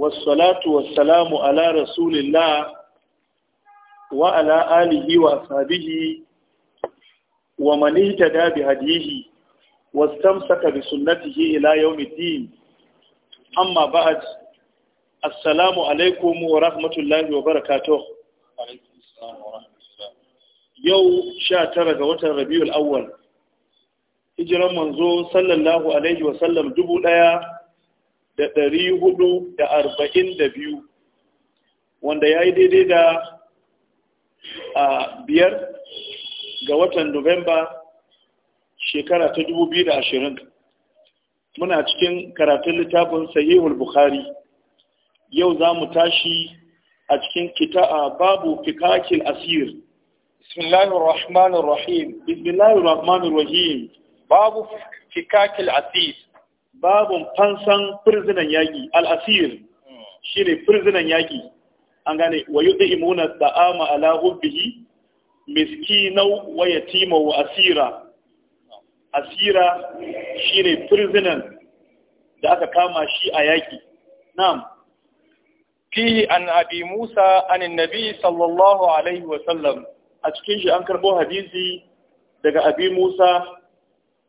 wassalatu wassalamu ala rasulillah wa ala alihi wa sahbihi wa man ihtada bi hadihi wastamsaka bi sunnatihi ila yawmiddin amma ba'd assalamu alaikum wa rahmatullahi wa barakatuh yau sha tara ga watan rabiul awwal hijiran manzo sallallahu alaihi wa sallam dubu ɗaya. da ɗari hudu da arba'in da biyu wanda ya yi daidai da a biyar ga watan Nuwamba shekara ta dubu biyu da ashirin muna cikin karatun littafin sahihul bukhari yau za mu tashi a cikin kita'a babu fikakil asir bismillahir rahmanir rahim bismillahir rahmanir rahim babu fikakil asir babun fansan firzinan yaƙi al'asir shi ne firzinan yaƙi an gane wa yi ɗa'imuna da'ama ala hubbihi miskinau wa yatima wa asira asira shi ne firzinan da aka kama shi a yaƙi na'am fihi an abi musa an nabi sallallahu alaihi wasallam a cikin shi an karɓo hadisi daga abi musa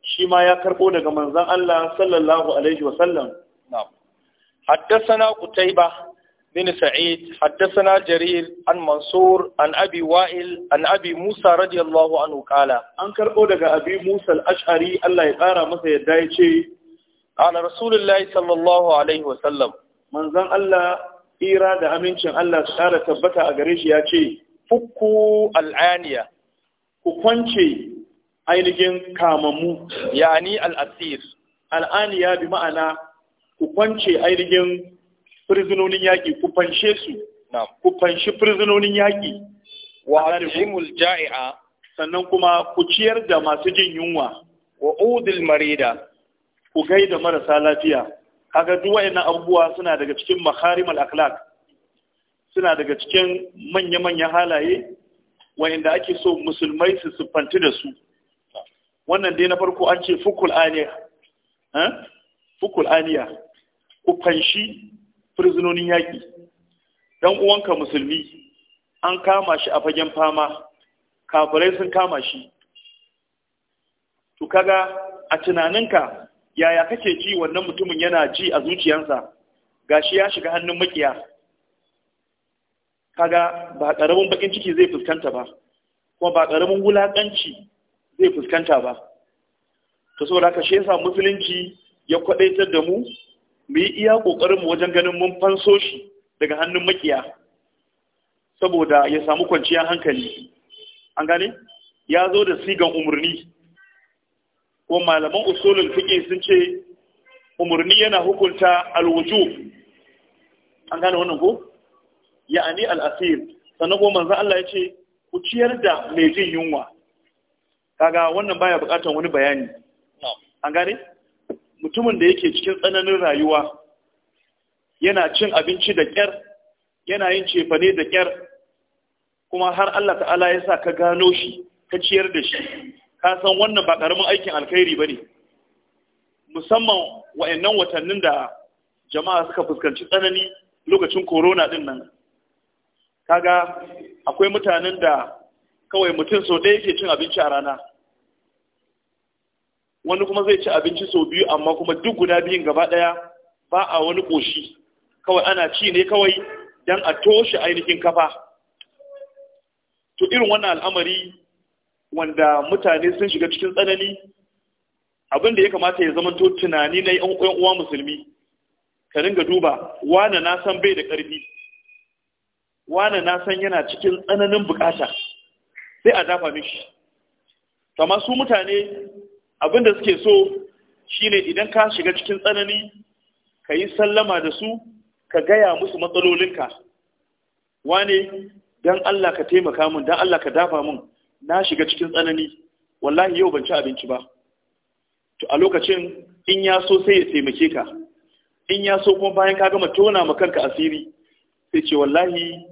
shi ma ya karɓo daga manzan Allah sallallahu alaihi wa sallam. Haddasana Qutayba bin Sa'id, haddasana Jarir an Mansur an Abi Wa'il an Abi Musa radiyallahu anhu qala. An karɓo daga abin Musa al-Ash'ari Allah ya ƙara masa yadda ya ce, "Ana Rasulullahi sallallahu alaihi wa sallam." Manzan Allah ira da amincin Allah su ƙara tabbata a gare shi ya ce, Fuku al'aniya, ku kwance ainihin kamammu yani al'asir al'ani ya bi ma'ana ku kwance ainihin firzinonin yaƙi ku fanshe su ku fanshi firzinonin yaƙi wa alimul ja'i'a sannan kuma ku ciyar da masu jin yunwa wa udil marida ku gai da marasa lafiya kaga duk wayannan abubuwa suna daga cikin makharimul al’aklak suna daga cikin manya-manyan halaye wayanda ake so musulmai su siffanti da su wannan dai na farko an ce fukul aniya eh? fukul aniya ku fanshi fursunonin yaƙi dan uwanka musulmi an kama shi a fagen fama kafirai sun kama shi to kaga a tunaninka yaya kake ji wannan mutumin yana ji a zuciyarsa gashi ya shiga hannun makiya kaga ba ƙaramin bakin ciki zai fuskanta ba kuma ba ƙaramin wulakanci. zai fuskanta ba to saboda haka shi yasa musulunci ya kwadaitar da mu mu yi iya kokarin mu wajen ganin mun fanso shi daga hannun makiya saboda ya samu kwanciyar hankali an gane ya zo da sigan umarni ko malaman usulun fiƙe sun ce umarni yana hukunta alwujub an gane wannan ko ya'ani al sannan ko manzo Allah ya ce ku ciyar da mai jin yunwa kaga wannan baya buƙatar wani bayani an gane mutumin da yake cikin tsananin rayuwa yana cin abinci da kyar, yana yin cefane da kyar. kuma har Allah ta'ala ya sa ka gano shi ka ciyar da shi ka san wannan ba karamin aikin alkhairi bane musamman wayannan watannin da jama'a suka fuskanci tsanani lokacin korona din nan kaga akwai mutanen da kawai mutum sau ɗaya yake cin abinci a rana wani kuma zai ci abinci sau biyu amma kuma duk guda biyun gaba ɗaya ba a wani ƙoshi kawai ana ci ne kawai don a toshe ainihin kafa to irin wannan al'amari wanda mutane sun shiga cikin tsanani abin da ya kamata ya zamanto tunani na yan uwa musulmi ka ringa duba wane na san bai da ƙarfi wane na san yana cikin tsananin bukata sai a dafa mishi kama su mutane abin da suke so shine idan ka shiga cikin tsanani ka yi sallama da su ka gaya musu matsalolinka wane don Allah ka taimaka min don Allah ka dafa min na shiga cikin tsanani wallahi yau ban ci abinci ba to a lokacin in ya so sai ya taimake ka in ya so kuma bayan ka gama tona ma kanka asiri sai ce wallahi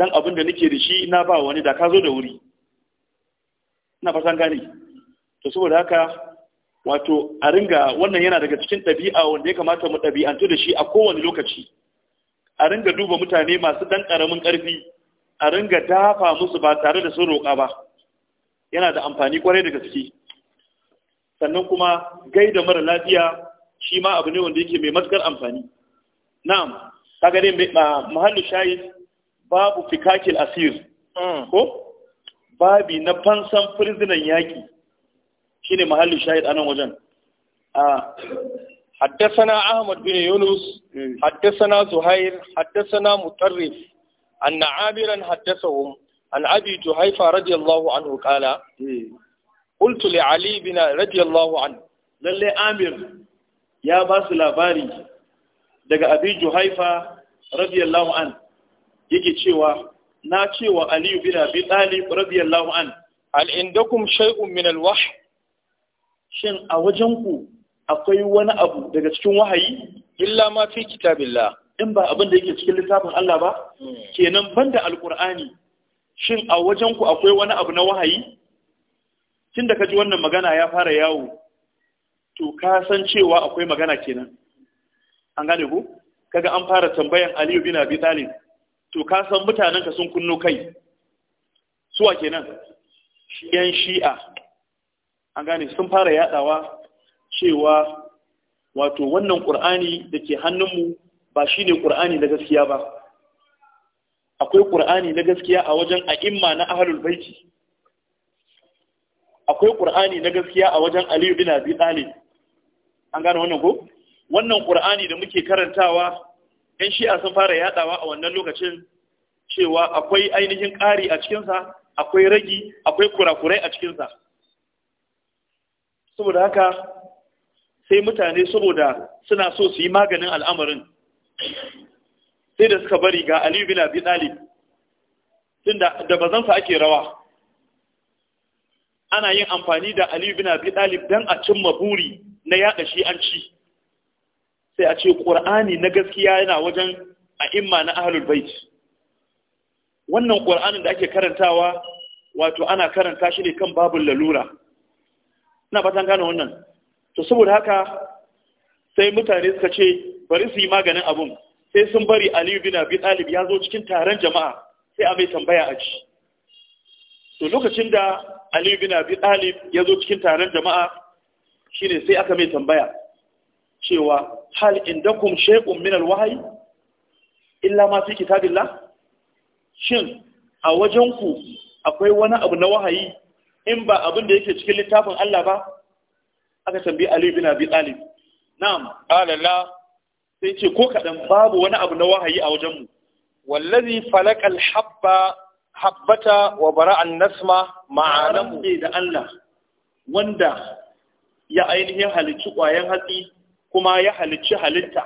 dan abin da nake da shi na ba wani da ka zo da wuri ina fasan gane to saboda haka wato a ringa wannan yana daga cikin ɗabi'a wanda ya kamata mu ɗabi'antu da shi a kowane lokaci a ringa duba mutane masu ɗan ƙaramin ƙarfi a ringa dafa musu ba tare da sun roƙa ba yana da amfani kwarai da gaske sannan kuma gaida mara lafiya shi ma abu ne wanda yake mai matuƙar amfani na'am ka dai mahallu shayi babu fikakil asir mm. ko babi na fansan firzinan yaƙi shine mahallin shahid anan wajen a حدثنا أحمد بن يونس حدثنا زهير حدثنا مطرف أن عامرا حدثهم عن أبي جهيفة رضي الله عنه قال قلت لعلي بن رضي الله عنه للي عامر يا باس لاباري دقى أبي جهيفة رضي الله عنه يجي تشيوى نا تشيوى علي بن أبي طالب رضي الله عنه هل عندكم شيء من الوحي shin a wajen ku akwai wani abu daga cikin wahayi illa ma fi kitabillah in ba abin da yake cikin littafin Allah ba hmm. kenan banda alqur'ani shin a wajen akwai wani abu na wahayi tunda kaji wannan magana ya fara yawo to ka san cewa akwai magana kenan an gane ku kaga an fara tambayan Aliyu bin Abi Talib to ka san mutanen ka sun kunno kai suwa kenan yan shi'a an gane sun fara yadawa cewa wato wannan ƙur'ani da ke hannunmu ba shi ne ƙur'ani na gaskiya ba akwai ƙur'ani na gaskiya a wajen a'imma na ahalul baiti akwai ƙur'ani na gaskiya a wajen aliyu bin abi talib an gane wannan ko wannan ƙur'ani da muke karantawa yan shi'a sun fara yadawa a wannan lokacin cewa akwai ainihin ƙari a cikinsa akwai ragi akwai kurakurai a cikinsa saboda haka sai mutane saboda suna so su yi maganin al'amarin sai da suka bari ga aliyu bin abi dalib tun da bazansa ake rawa ana yin amfani da aliyu bin abi dalib don a cimma buri na yada shi an ci sai a ce ƙur'ani na gaskiya yana wajen a imma na ahalul bait wannan ƙur'anin da ake karantawa wato ana karanta shi ne kan babul lalura ina fatan gane wannan to saboda haka sai mutane suka ce bari su yi maganin abun sai sun bari aliyu bin abi talib ya zo cikin taron jama'a sai a mai tambaya a ci to lokacin da aliyu bin abi talib ya zo cikin taron jama'a shine sai aka mai tambaya cewa hal indakum shay'un min alwahyi illa ma fi kitabillah shin a wajenku akwai wani abu na wahayi in ba abin da yake cikin littafin Allah ba aka tambayi Ali bin Abi Talib na'am qala sai ce ko kadan babu wani abu na wahayi a wajen mu wallazi falakar habba habbata wa bara'a an-nasma ma'alamu da Allah wanda ya ainihin halicci ƙwayan hatsi kuma ya halicci halitta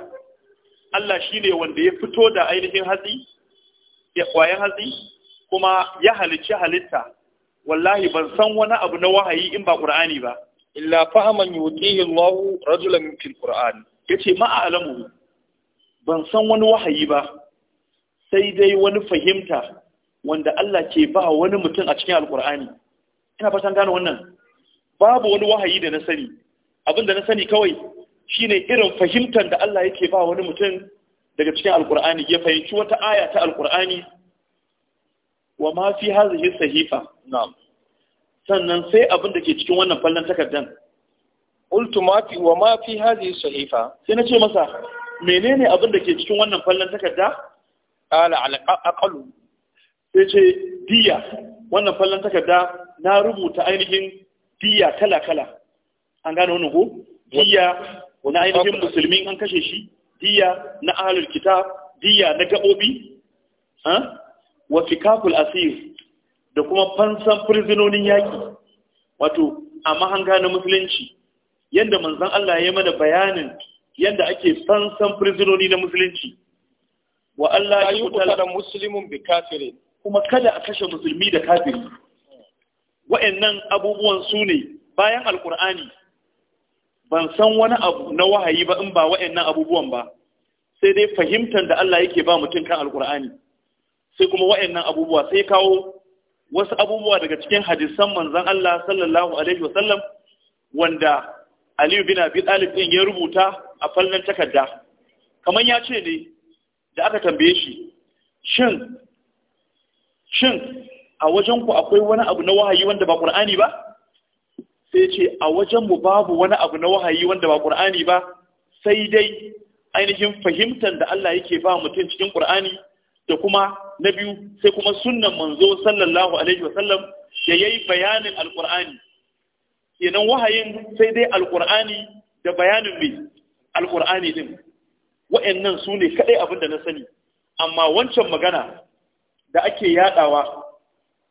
Allah shi ne wanda ya fito da ainihin hatsi ya hatsi kuma ya halicci halitta wallahi ban san wani abu na wahayi in ba qur'ani ba illa fahaman yutihi Allah rajulan fil qur'an yace ma a'lamu ban san wani wahayi ba sai dai wani fahimta wanda Allah ke ba wani mutum a cikin alqur'ani ina fatan gano wannan babu wani wahayi da na sani abin da na sani kawai shine irin fahimtar da Allah yake ba wani mutum daga cikin alqur'ani ya fahimci wata aya ta alqur'ani wa ma fi hadhihi sahifa na'am sannan sai abin da ke cikin wannan fallan takardan qultu ma fi wa ma fi hadhihi sahifa sai na ce masa menene abin da ke cikin wannan fallan takarda qala al aqalu sai ce diya wannan fallan takarda na rubuta ainihin diya kala kala an gane wannan ko diya na ainihin musulmi an kashe shi diya na ahlul kitab diya na gabobi ha wa fikakul asir da kuma fansan firzinonin yaƙi wato a mahanga na musulunci yadda manzan Allah ya yi mana bayanin yadda ake fansan firzinoni na musulunci wa Allah ya yuta da musulmin bi kafiri kuma kada a kashe musulmi da kafiri wa'annan abubuwan su ne bayan alkur'ani ban san wani abu na wahayi ba in ba wa'annan abubuwan ba sai dai fahimtar da Allah yake ba mutum kan alkur'ani sai kuma wa'annan abubuwa sai kawo wasu abubuwa daga cikin hadisan manzan Allah sallallahu alaihi wasallam wanda Aliyu bin Abi Talib din ya rubuta a fallan takarda kamar ya ce ne da aka tambaye shi shin shin a wajen ku akwai wani abu na wahayi wanda ba Qur'ani ba sai ce a wajen mu babu wani abu na wahayi wanda ba Qur'ani ba sai dai ainihin fahimtar da Allah yake ba mutum cikin Qur'ani da kuma na biyu sai kuma sunnan manzo sallallahu alaihi wasallam da yayi bayanin alqur'ani kenan wahayin sai dai alqur'ani da bayanin mai alqur'ani din wa'annan su ne kadai abin da na sani amma wancan magana da ake yadawa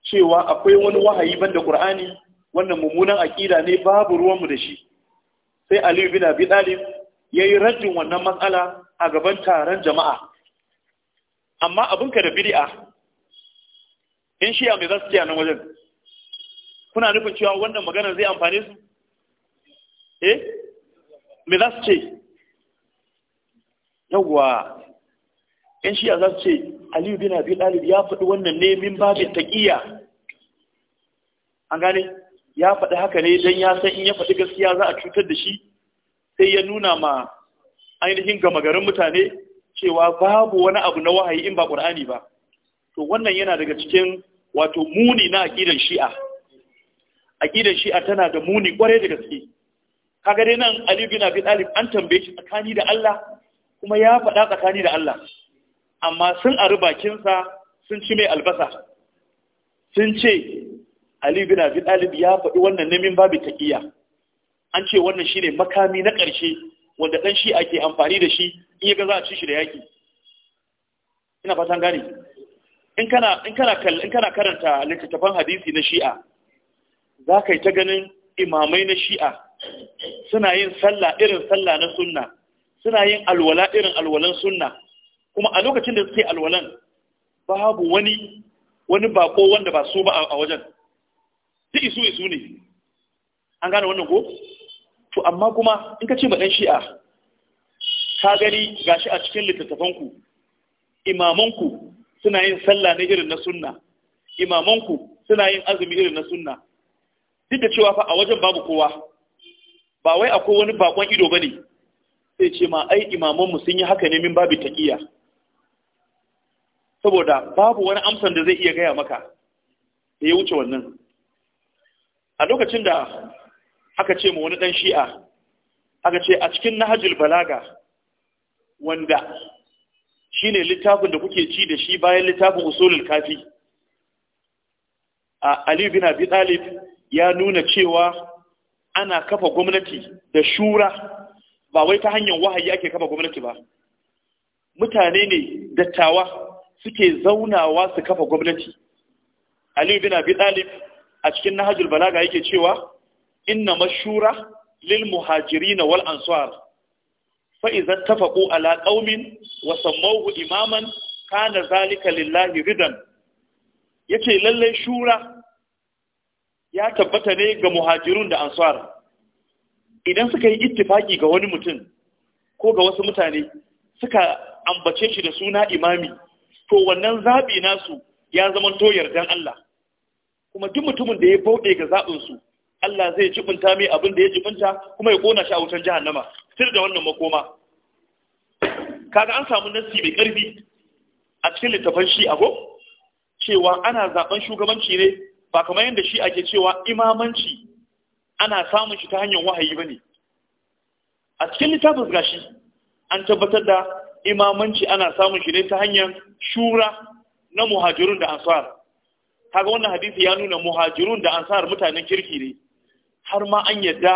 cewa akwai wani wahayi banda ƙur'ani. wannan mummunan aƙida ne babu ruwanmu da shi sai Aliyu bin Abi ya yayi rajin wannan matsala a gaban taron jama'a amma abinka da bid'a in shi mai za su kiyaye nan wajen kuna nufin cewa wannan maganar zai amfane su eh me za su ce yawwa in shi za su ce aliyu bin abi dalib ya faɗi wannan ne min babin taqiya an gane ya faɗi haka ne don ya san in ya faɗi gaskiya za a cutar da shi sai ya nuna ma ainihin gama garin mutane cewa babu wani abu na wahayi in ba ƙur'ani ba to wannan yana daga cikin wato muni na aƙidar shi'a aƙidar shi'a tana da muni ƙwarai da gaske kaga dai nan Ali bin Abi Talib an tambaye shi tsakani da Allah kuma ya faɗa tsakani da Allah amma sun ari bakinsa sun ci mai albasa sun ce Ali bin Abi Talib ya faɗi wannan nemin babu taqiya an ce wannan shine makami na ƙarshe wanda ɗan shi ake amfani da shi in ya ga za a ci shi da yaƙi. ina fatan gane in kana in karanta littattafan hadisi na shi'a za ka yi ta ganin imamai na shi'a suna yin sallah irin sallah na sunna suna yin alwala irin alwalan sunna kuma a lokacin da suke alwalan babu wani wani bako wanda ba su ba a wajen su isu isu ne an gane wannan ko to amma kuma in ka ce ma ɗan shi'a ka gani ga shi a cikin littattafanku imamanku suna yin sallah na irin na sunna Imaman ku suna yin azumi irin na sunna duk da cewa fa a wajen babu kowa ba wai akwai wani bakon ido ba ne sai ce ma ai imamanmu sun yi haka ne min babu taƙiya saboda babu wani amsan da zai iya gaya maka da ya wuce wannan a lokacin da aka ce ma wani ɗan shi'a aka ce a cikin nahajul balaga wanda shi ne littafin da kuke ci da shi bayan littafin usulul kafi a ali bin abi ya nuna cewa ana kafa gwamnati da shura ba wai ta hanyar wahayi ake kafa gwamnati ba mutane ne dattawa suke zaunawa su kafa gwamnati Aliyu bin abi a cikin nahajul balaga yake cewa inna mashura lil muhajirin wal ansar fa idza tafaqu ala qaumin wa sammawhu imaman kana zalika lillahi ridan yace lalle shura ya tabbata ne ga muhajirun da ansar idan suka yi ittifaki ga wani mutum ko ga wasu mutane suka ambace shi da suna imami to wannan zabi nasu ya zama to yardan Allah kuma duk mutumin da ya bauɗe ga su Allah zai jibinta mai abin da ya jibinta kuma ya kona shi a wutan jahannama sir da wannan makoma kaga an samu nassi mai karfi a cikin littafan shi ago cewa ana zaben shugabanci ne ba kamar yadda shi ake cewa imamanci ana samun shi ta hanyar wahayi bane a cikin littafin gashi an tabbatar da imamanci ana samun shi ne ta hanyar shura na muhajirun da ansar kaga wannan hadisi ya nuna muhajirun da ansar mutanen kirki ne har ma an yadda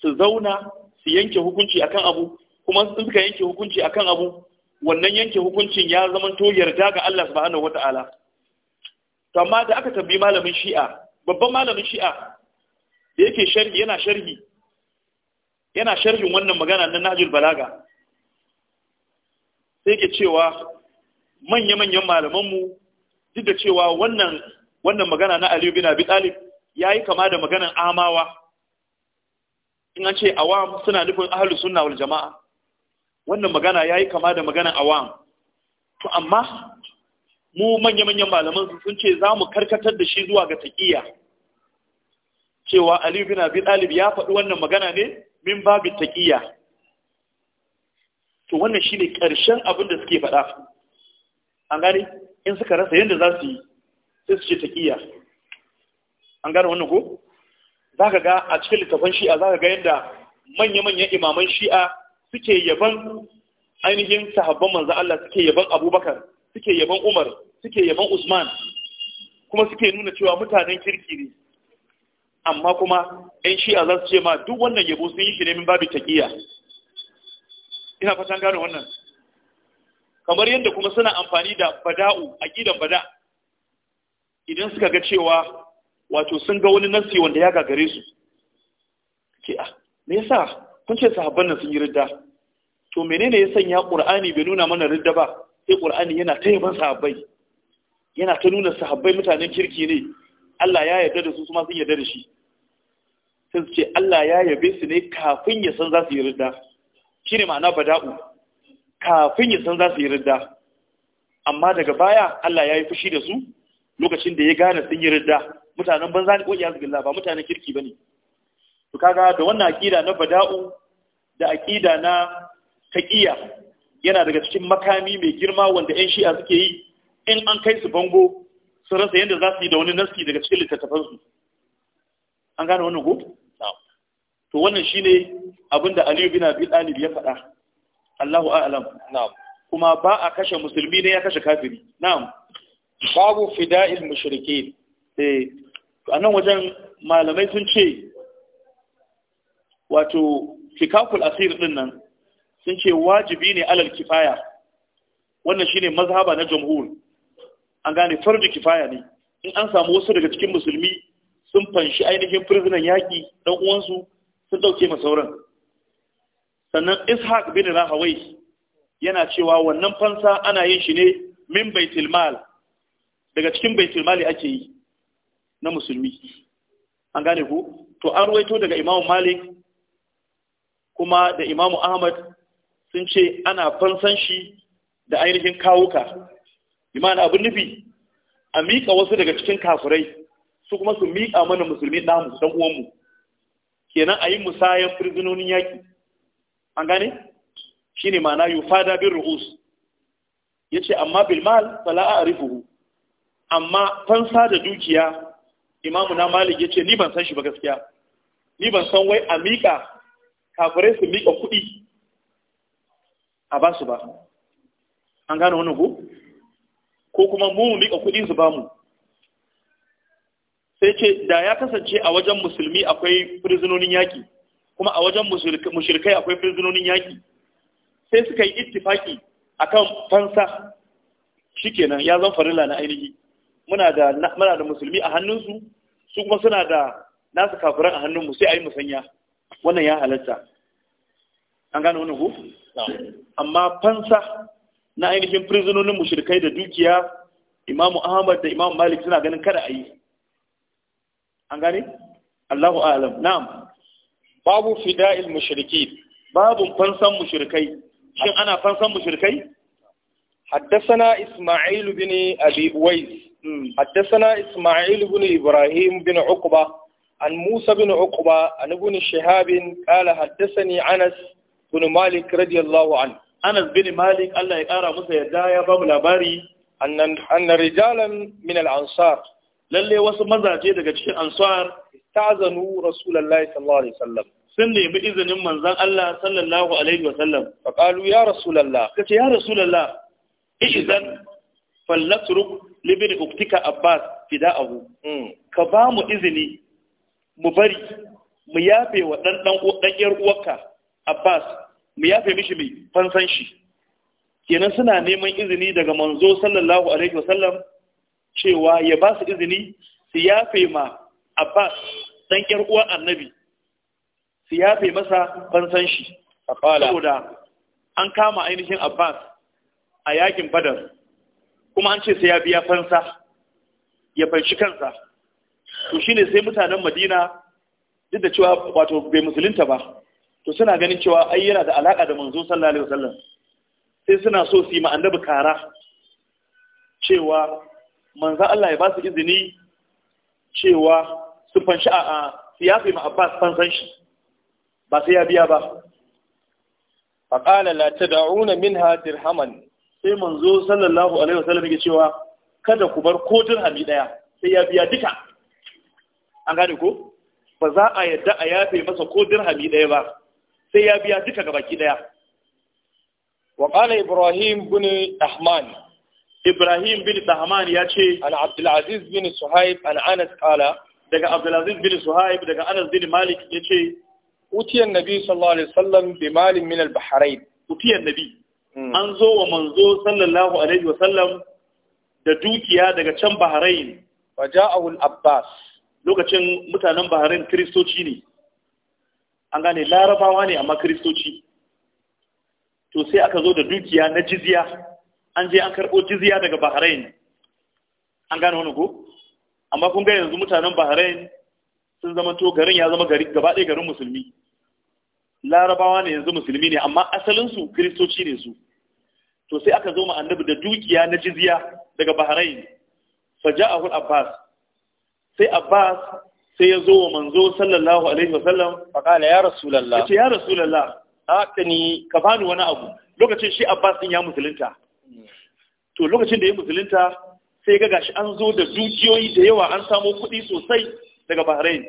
su zauna su yanke hukunci akan abu kuma sun suka yanke hukunci akan abu wannan yanke hukuncin ya zama to yarda ga Allah subhanahu wata'ala to amma da aka tambayi malamin shi'a babban malamin shi'a da yake sharhi yana sharhi yana sharhin wannan magana na Nahjul Balaga sai yake cewa manya-manyan malamanmu duk da cewa wannan wannan magana na Aliyu bin Abi Talib ya yi kama da maganin amawa in an ce awam suna nufin ahalus suna wal jama'a wannan magana ya yi kama da maganin awam to amma mu manya-manyan malaman sun ce za mu karkatar da shi zuwa ga taƙiyya cewa Aliyu bin Abi ya faɗi wannan magana ne min babu taƙiyya to wannan shine ƙarshen abin da suke faɗa an gane in suka rasa yadda za su yi sai su ce taƙiyya an gane wannan ko za ka ga a cikin littafan shi'a za ka ga yadda manya-manyan imaman shi'a suke yaban ainihin sahabban manzo Allah suke yaban abubakar suke yaban umar suke yaban usman kuma suke nuna cewa mutanen kirki ne amma kuma 'yan shi'a za su ce ma duk wannan yabo sun yi shi ne min babu taƙiya ina fatan gane wannan kamar yadda kuma suna amfani da bada'u aqidan bada idan suka ga cewa wato sun ga wani nasi wanda ya gagare su ke a ah, me yasa kun ce sahabban nan sun yi ridda to menene ya sanya qur'ani bai nuna mana ridda ba sai qur'ani yana ta yaban sahabbai yana ta nuna sahabbai mutanen kirki ne Allah ya yarda da su kuma sun yarda da shi sai su ce Allah ya yabe su ne kafin ya san za su yi ridda shine ma'ana bada'u kafin ya san za su yi ridda amma daga baya Allah ya yi fushi da su lokacin da ya gane sun yi ridda mutanen banza ne ko iyaz ba mutanen kirki bane to kaga da wannan akida na bada'u da akida na taqiya yana daga cikin makami mai girma wanda yan shi'a suke yi in an kai su bango su rasa yadda za su yi da wani naski daga cikin littattafansu an gane wannan ko to wannan shine abinda Aliyu bin Abi Talib ya faɗa Allahu a'lam na'am kuma ba a kashe musulmi ne ya kashe kafiri na'am babu fida'il mushrikin eh to a wajen malamai sun ce wato fikakul asir din nan sun ce wajibi ne alal kifaya wannan shine mazhaba na jamhur an gane farji kifaya ne in an samu wasu daga cikin musulmi sun fanshi ainihin prisoner yaki dan uwansu sun dauke ma sauran sannan ishaq bin rahawai yana cewa wannan fansa ana yin shi ne min baitul mal daga cikin baitul mali ake yi na musulmi an gane ku to an ruwaito daga imamu malik kuma da imamu ahmad sun ce ana fansan shi da ainihin kawuka imanin abin nufi a miƙa wasu daga cikin kafurai, su kuma su miƙa mana musulmi namu dan uwanmu kenan a yi musayan firzinonin yaƙi an gane shi ne mana yi fada bin ruhus ya ce amma bilmal fala a amma fansa da dukiya imamu na malik ya ce ni ban san shi ba gaskiya ni ban san wai a miƙa kafirai su miƙa kuɗi a ba su ba an gane wani ko ko kuma mu miƙa kuɗi su ba mu sai ce da ya kasance a wajen musulmi akwai firzinonin yaƙi kuma a wajen mushirkai akwai firzinonin yaƙi sai suka yi ittifaki akan fansa shikenan ya zan farilla na ainihi muna da musulmi a hannunsu su kuma suna da nasu kafiran a hannunmu sai a yi musanya wannan ya halatta an gane wani ku? amma fansa na ainihin prisonin mushrikai da dukiya imamu ahmad da imamu malik suna ganin kada a yi an gane? allahu alam na'am babu fida'il mushriki babu fansan mushrikai shin ana fansan mushrikai حدثنا إسماعيل بن أبي أويس حدثنا إسماعيل بن إبراهيم بن عقبة عن موسى بن عقبة عن ابن شهاب قال حدثني أنس بن مالك رضي الله عنه أنس بن مالك الله يقرأ موسى يدايا باب لباري أن أن رجالا من الأنصار lalle wasu mazaje daga cikin ansar tazanu rasulullahi sallallahu alaihi wasallam sun nemi izinin manzon Allah sallallahu alaihi wasallam fa qalu ya rasulullah kace ya rasulullah izan falnatruk libin uktika abbas fida'ahu ka ba mu izini mu bari mu yafe wa dan dan dan uwarka abbas mu yafe mishi mai fansan shi kenan suna neman izini daga manzo sallallahu alaihi wasallam cewa ya ba su izini su yafe ma abbas dan yar uwar annabi su yafe masa fansan shi saboda an kama ainihin abbas a yakin badar kuma an ce sai ya biya fansa ya fanshi kansa to shine sai mutanen madina duk da cewa wato bai musulunta ba to suna ganin cewa ai yana da alaka da manzo sallallahu alaihi wasallam sai suna so su yi ma annabi kara cewa manzo Allah ya ba su izini cewa su fanshi a su ma Abbas fansan shi ba sai ya biya ba faqala la tad'una minha dirhaman sai manzo sallallahu alaihi wasallam yake cewa kada ku bar ko dirhami daya sai ya biya duka an gane ko ba za a yadda a yafe masa ko dirhami daya ba sai ya biya duka gabaki daya wa qala ibrahim bin ahman ibrahim bin ahman ya ce an abdul aziz bin suhaib an anas qala daga abdul aziz bin suhaib daga anas bin malik yace utiyan nabi sallallahu alaihi wasallam bi malin min al-bahrain utiyan nabi an zo wa manzo sallallahu alaihi wasallam da dukiya daga can bahrain wa ja'ahu abbas lokacin mutanen bahrain kristoci ne an gane larabawa ne amma kristoci to sai aka zo da dukiya na jizya an je an karɓo jizya daga bahrain an gane wani ko amma kun ga yanzu mutanen bahrain sun zama to garin ya zama gari gaba ɗaya garin musulmi larabawa ne yanzu musulmi ne amma asalinsu kristoci ne su to sai aka zo ma annabi da dukiya na jizya daga bahrain fa ja'ahu abbas sai abbas sai ya zo wa manzo sallallahu alaihi wa sallam fa qala ya rasulullah ce ya rasulullah akani ka bani wani abu lokacin shi abbas din ya musulunta to lokacin da ya musulunta sai ga gashi an zo da dukiyoyi da yawa an samo kuɗi sosai daga bahrain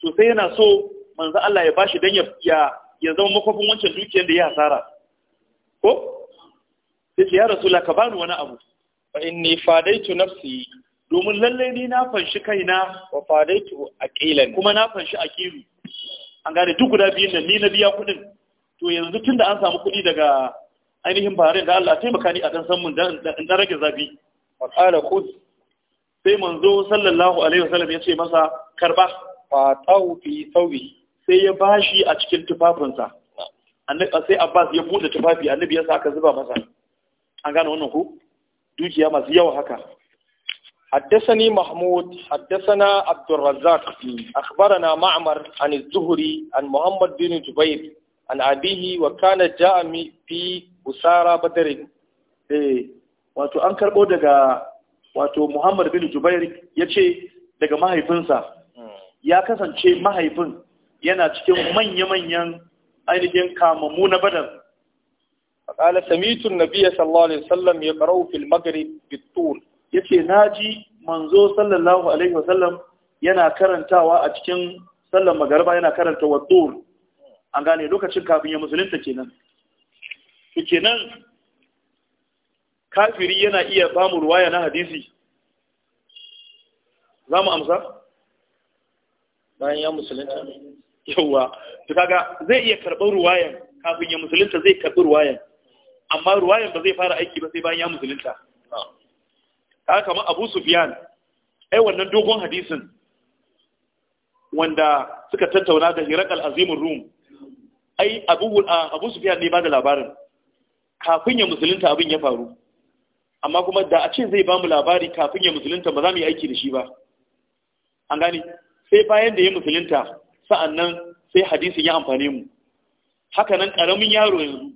to sai yana so manzo Allah ya bashi dan ya ya zama makofin wancan dukiyar da ya hasara ko sai ce ya rasula ka bani wani abu fa inni fadaitu nafsi domin lalle ni na fanshi kaina wa fadaitu aqilan kuma na fanshi aqilu an gane duk guda biyun nan ni na biya kuɗin to yanzu tunda an samu kuɗi daga ainihin baharin da Allah taimaka ni a dan san mun dan rage zabi wa qala khudh sai manzo sallallahu alaihi wasallam ya ce masa karba fa fi sawi sai ya bashi a cikin tufafinsa annabi sai Abbas ya bude tufafi annabi ya saka zuba masa an gane wannan ku dukiya masu yawa haka حدثني محمود حدثنا عبد الرزاق أخبرنا معمر عن الزهري عن محمد بن جبير عن أبيه وكان جاء في أسارة بدر wato an karɓo daga wato Muhammad bin Jubair ya ce daga mahaifinsa ya kasance mahaifin yana cikin manya-manyan ainihin kamammu na badar قال سميت النبي صلى الله عليه وسلم يقرأ في المغرب بالطول yace naji manzo sallallahu alaihi wasallam yana karantawa a cikin sallar magariba yana karanta wattur an gane lokacin kafin ya musulunta kenan to kenan kafiri yana iya bamu ruwaya na hadisi za mu amsa bayan ya musulunta yawa to kaga zai iya karɓar ruwayan kafin ya musulunta zai karɓi ruwayan amma ruwayan ba zai fara aiki ba sai bayan ya musulunta ka kama abu sufiyan ai wannan dogon hadisin wanda suka tattauna da hirakal azimin rum ai abu sufiyan ne ba da labarin kafin ya musulunta abin ya faru amma kuma da a ce zai ba mu labari kafin ya musulunta ba za mu yi aiki da shi ba an gani sai bayan da ya musulunta sa'annan sai hadisin ya amfane mu haka nan ƙaramin yaro yanzu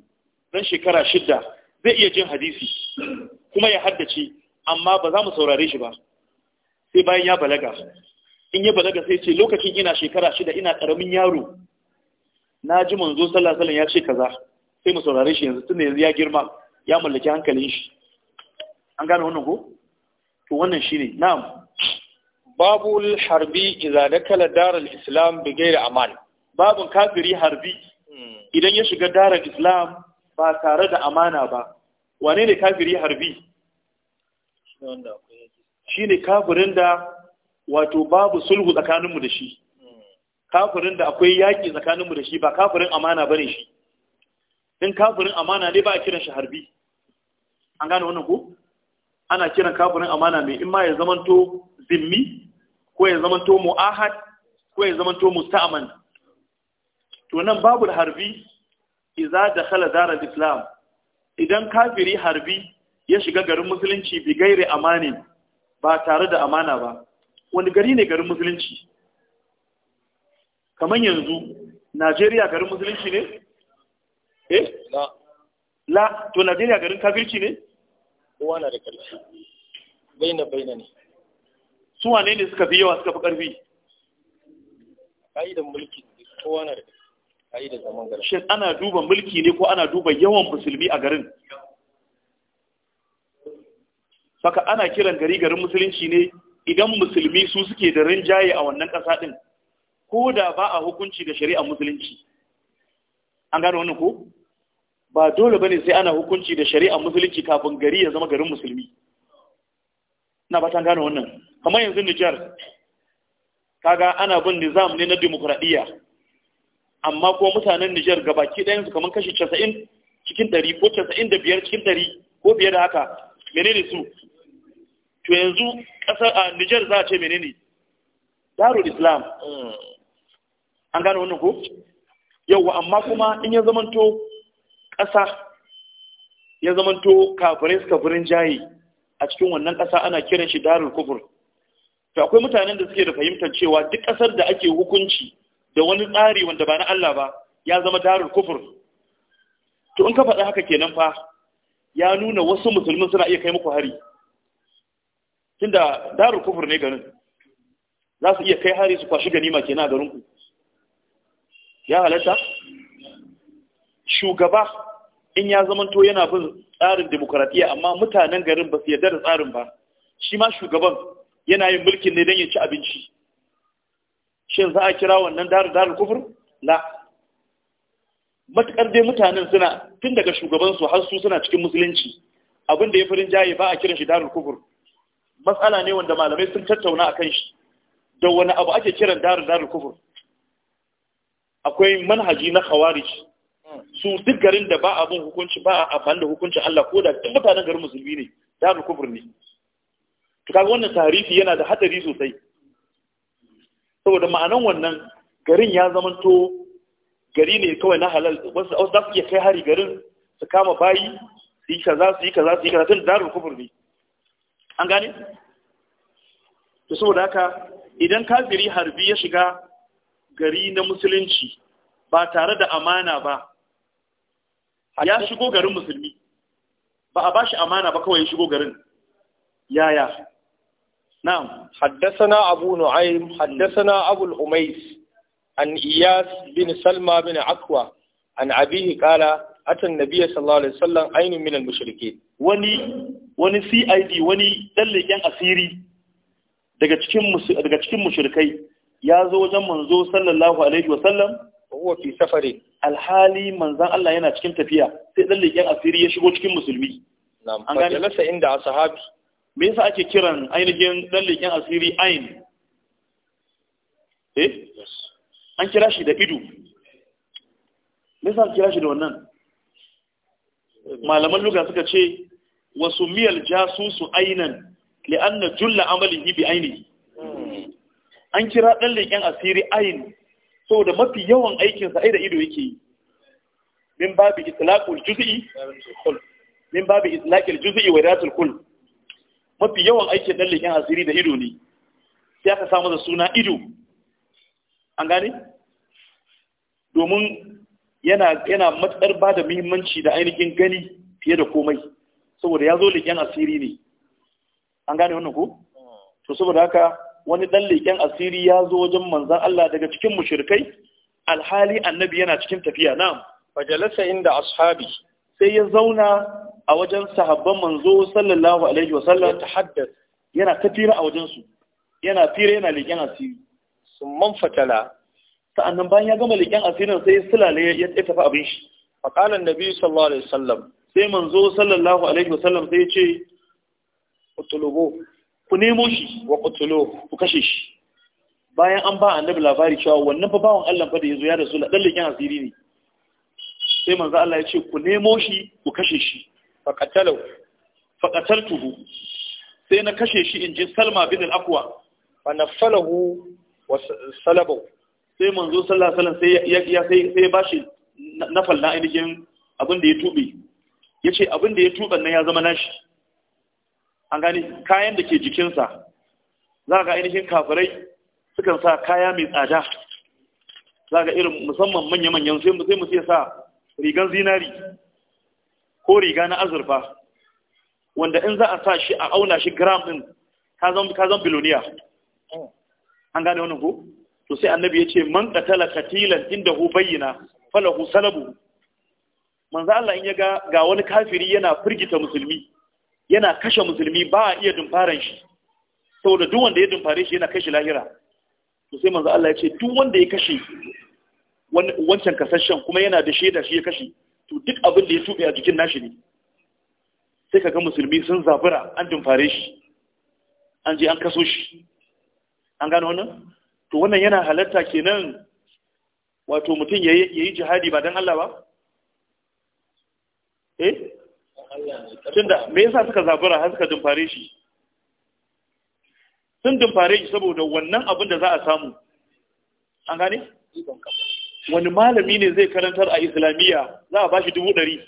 dan shekara shidda zai iya jin hadisi kuma ya haddace amma ba za mu saurare shi ba sai bayan ya balaga in ya balaga sai ce lokacin ina shekara shida ina karamin yaro na ji manzo sallallahu alaihi ya ce kaza sai mu saurare shi yanzu tunda yanzu ya girma ya mallaki hankalin shi an gane wannan ko to wannan shine na'am babul harbi idza dakala daral islam bi ghairi amal babun kafiri harbi hmm. idan ya shiga darar islam ba tare da amana ba wane ne kafiri harbi shi ne kafirin da wato babu sulhu tsakaninmu da shi kafirin da akwai yaƙi tsakaninmu da shi ba kafirin amana ba ne shi in kafirin amana ne ba a kiran shi harbi an gane wannan ko ana kiran kafirin amana mai in ma ya zamanto zimmi ko ya zamanto mu'ahad ko ya zamanto musta'aman to nan babu harbi iza da khala darar islam idan kafiri harbi ya shiga garin musulunci bi gaire amani ba tare da amana ba wani gari ne garin musulunci kamar yanzu najeriya garin musulunci ne? eh? la to najeriya garin kafirci ne? kowa na da ƙarfi baina baina ne su wane ne suka fi yawa suka fi ƙarfi da mulki kowa na da ƙarfi shin ana duba mulki ne ko ana duba yawan musulmi a garin saka ana kiran gari garin musulunci ne idan musulmi su suke da rinjaye a wannan ƙasa ɗin ko da ba a hukunci da shari'ar musulunci an gano wannan ko ba dole bane sai ana hukunci da shari'ar musulunci kafin gari ya zama garin musulmi na ba ta gano wannan kamar yanzu Nijar kaga ana bin nizam ne na demokradiyya amma ko mutanen Nijar ga baki ɗayan su kamar kashi 90 cikin 100 ko 95 cikin 100 ko biyar da haka menene su to yanzu ƙasar a Nijar za a ce menene Darul Islam an gano wannan ko yawa amma kuma in ya zamanto ƙasa ya zamanto kafirai suka furin jayi a cikin wannan ƙasa ana kiran shi darul kufur to akwai mutanen da suke da fahimtar cewa duk ƙasar da ake hukunci da wani tsari wanda ba na Allah ba ya zama darul kufur to in ka faɗi haka kenan fa ya nuna wasu musulmin suna iya kai muku hari tunda darul kufur ne garin za su iya kai hari su kwashi ganima kenan a garinku ya halatta shugaba in ya zama to yana bin tsarin demokratiya amma mutanen garin ba su yarda da tsarin ba shi ma shugaban yana yin mulkin ne don ya ci abinci shin za a kira wannan daru daru kufur la matukar dai mutanen suna tun daga shugabansu har su suna cikin musulunci abin da ya farin jaye ba a kiran shi darul kufur matsala ne wanda malamai sun tattauna a kan shi da wani abu ake kiran darul darul kufur akwai manhaji na khawarij su duk garin da ba abin hukunci ba a amfani da hukuncin Allah ko da duk mutanen garin musulmi ne darul kufur ne to kaga wannan tarihi yana da hadari sosai saboda ma'anan wannan garin ya zamanto gari ne kawai na halal wasu za su iya kai hari garin su kama bayi su yi kaza su yi kaza su yi kaza tun zarar kufur ne an gane to saboda haka idan kafiri harbi ya shiga gari na musulunci ba tare da amana ba ya shigo garin musulmi ba a bashi amana ba kawai ya shigo garin yaya نعم حدثنا أبو نعيم حدثنا أبو الأميس عن إياس بن سلمى بن عكوى عن أبيه قال أتى النبي صلى الله عليه وسلم عين من المشركين وني وني سي دي وني asiri daga cikin daga cikin mushrikai ya zo wajen manzo sallallahu alaihi wa sallam huwa fi safari alhali manzan Allah yana cikin tafiya sai dan leken asiri ya shigo cikin musulmi An fa inda ashabi me yasa ake kiran ainihin dan leƙen asiri ain eh an kira shi da ido me yasa kira shi da wannan malaman luga suka ce wasu miyal jasusu ainan li'anna julla amalihi bi Aini. an kira dan leƙen asiri ain saboda mafi yawan aikin ai da ido yake yi min babu itlaqul juz'i min babu itlaqil juz'i wa idatul kull mafi yawan aikin dan leƙen asiri da ido ne sai aka samu da suna ido an gane domin yana yana matsar ba da muhimmanci da ainihin gani fiye da komai saboda ya zo leƙen asiri ne an gane wannan ko to saboda haka wani ɗan leƙen asiri ya zo wajen manzan Allah daga cikin mushrikai alhali annabi yana cikin tafiya na fajalasa inda ashabi sai ya zauna a wajen sahabban manzo sallallahu alaihi wa sallam ta yana tafira a wajen su yana fira yana leƙen asiri sun man fatala sa'annan bayan ya gama leƙen asirin sai sulale ya tafi abin shi faqala annabi sallallahu alaihi wa sallam sai manzo sallallahu alaihi wa sallam sai ya ce qutuluhu ku nemo shi wa qutuluhu ku kashe shi bayan an ba annabi labari cewa wannan fa bawan Allah fa da yazo ya rasu dan leƙen asiri ne sai manzo Allah ya ce ku nemo shi ku kashe shi faƙatalau faƙataltuhu sai na kashe shi in ji salma bin al a na falahu wa salabau sai manzo sallallahu alaihi wasallam sai ya sai sai bashi nafal na ainihin abin da ya tube yace abin da ya tuban nan ya zama nashi an gani kayan da ke jikinsa za ga ainihin kafirai sukan sa kaya mai tsada za ga irin musamman manya-manyan sai mu sai mu sai sa rigan zinari ko riga na azurfa wanda in za a sa shi a auna shi gram ɗin ka zan biloniya an gane wani ko to sai annabi ya ce man qatala qatilan inda hu bayyana falahu salabu manzo Allah in ya ga ga wani kafiri yana firgita musulmi yana kashe musulmi ba a iya dumfaran shi saboda duk wanda ya dumfare shi yana kashe lahira to sai manzo Allah ya ce duk wanda ya kashe wancan kasashen kuma yana da shaida shi ya kashe to duk abin da ya tube a jikin nashi ne sai ka ga musulmi sun zafira an dumfare shi an je an kaso shi an gano wannan to wannan yana halatta kenan wato mutum ya yi jihadi ba don Allah ba? eh? tunda me yasa suka zafira har suka dumfare shi sun dumfare shi saboda wannan abin da za a samu an gane? wani malami ne zai karantar a islamiyya za a bashi dubu ɗari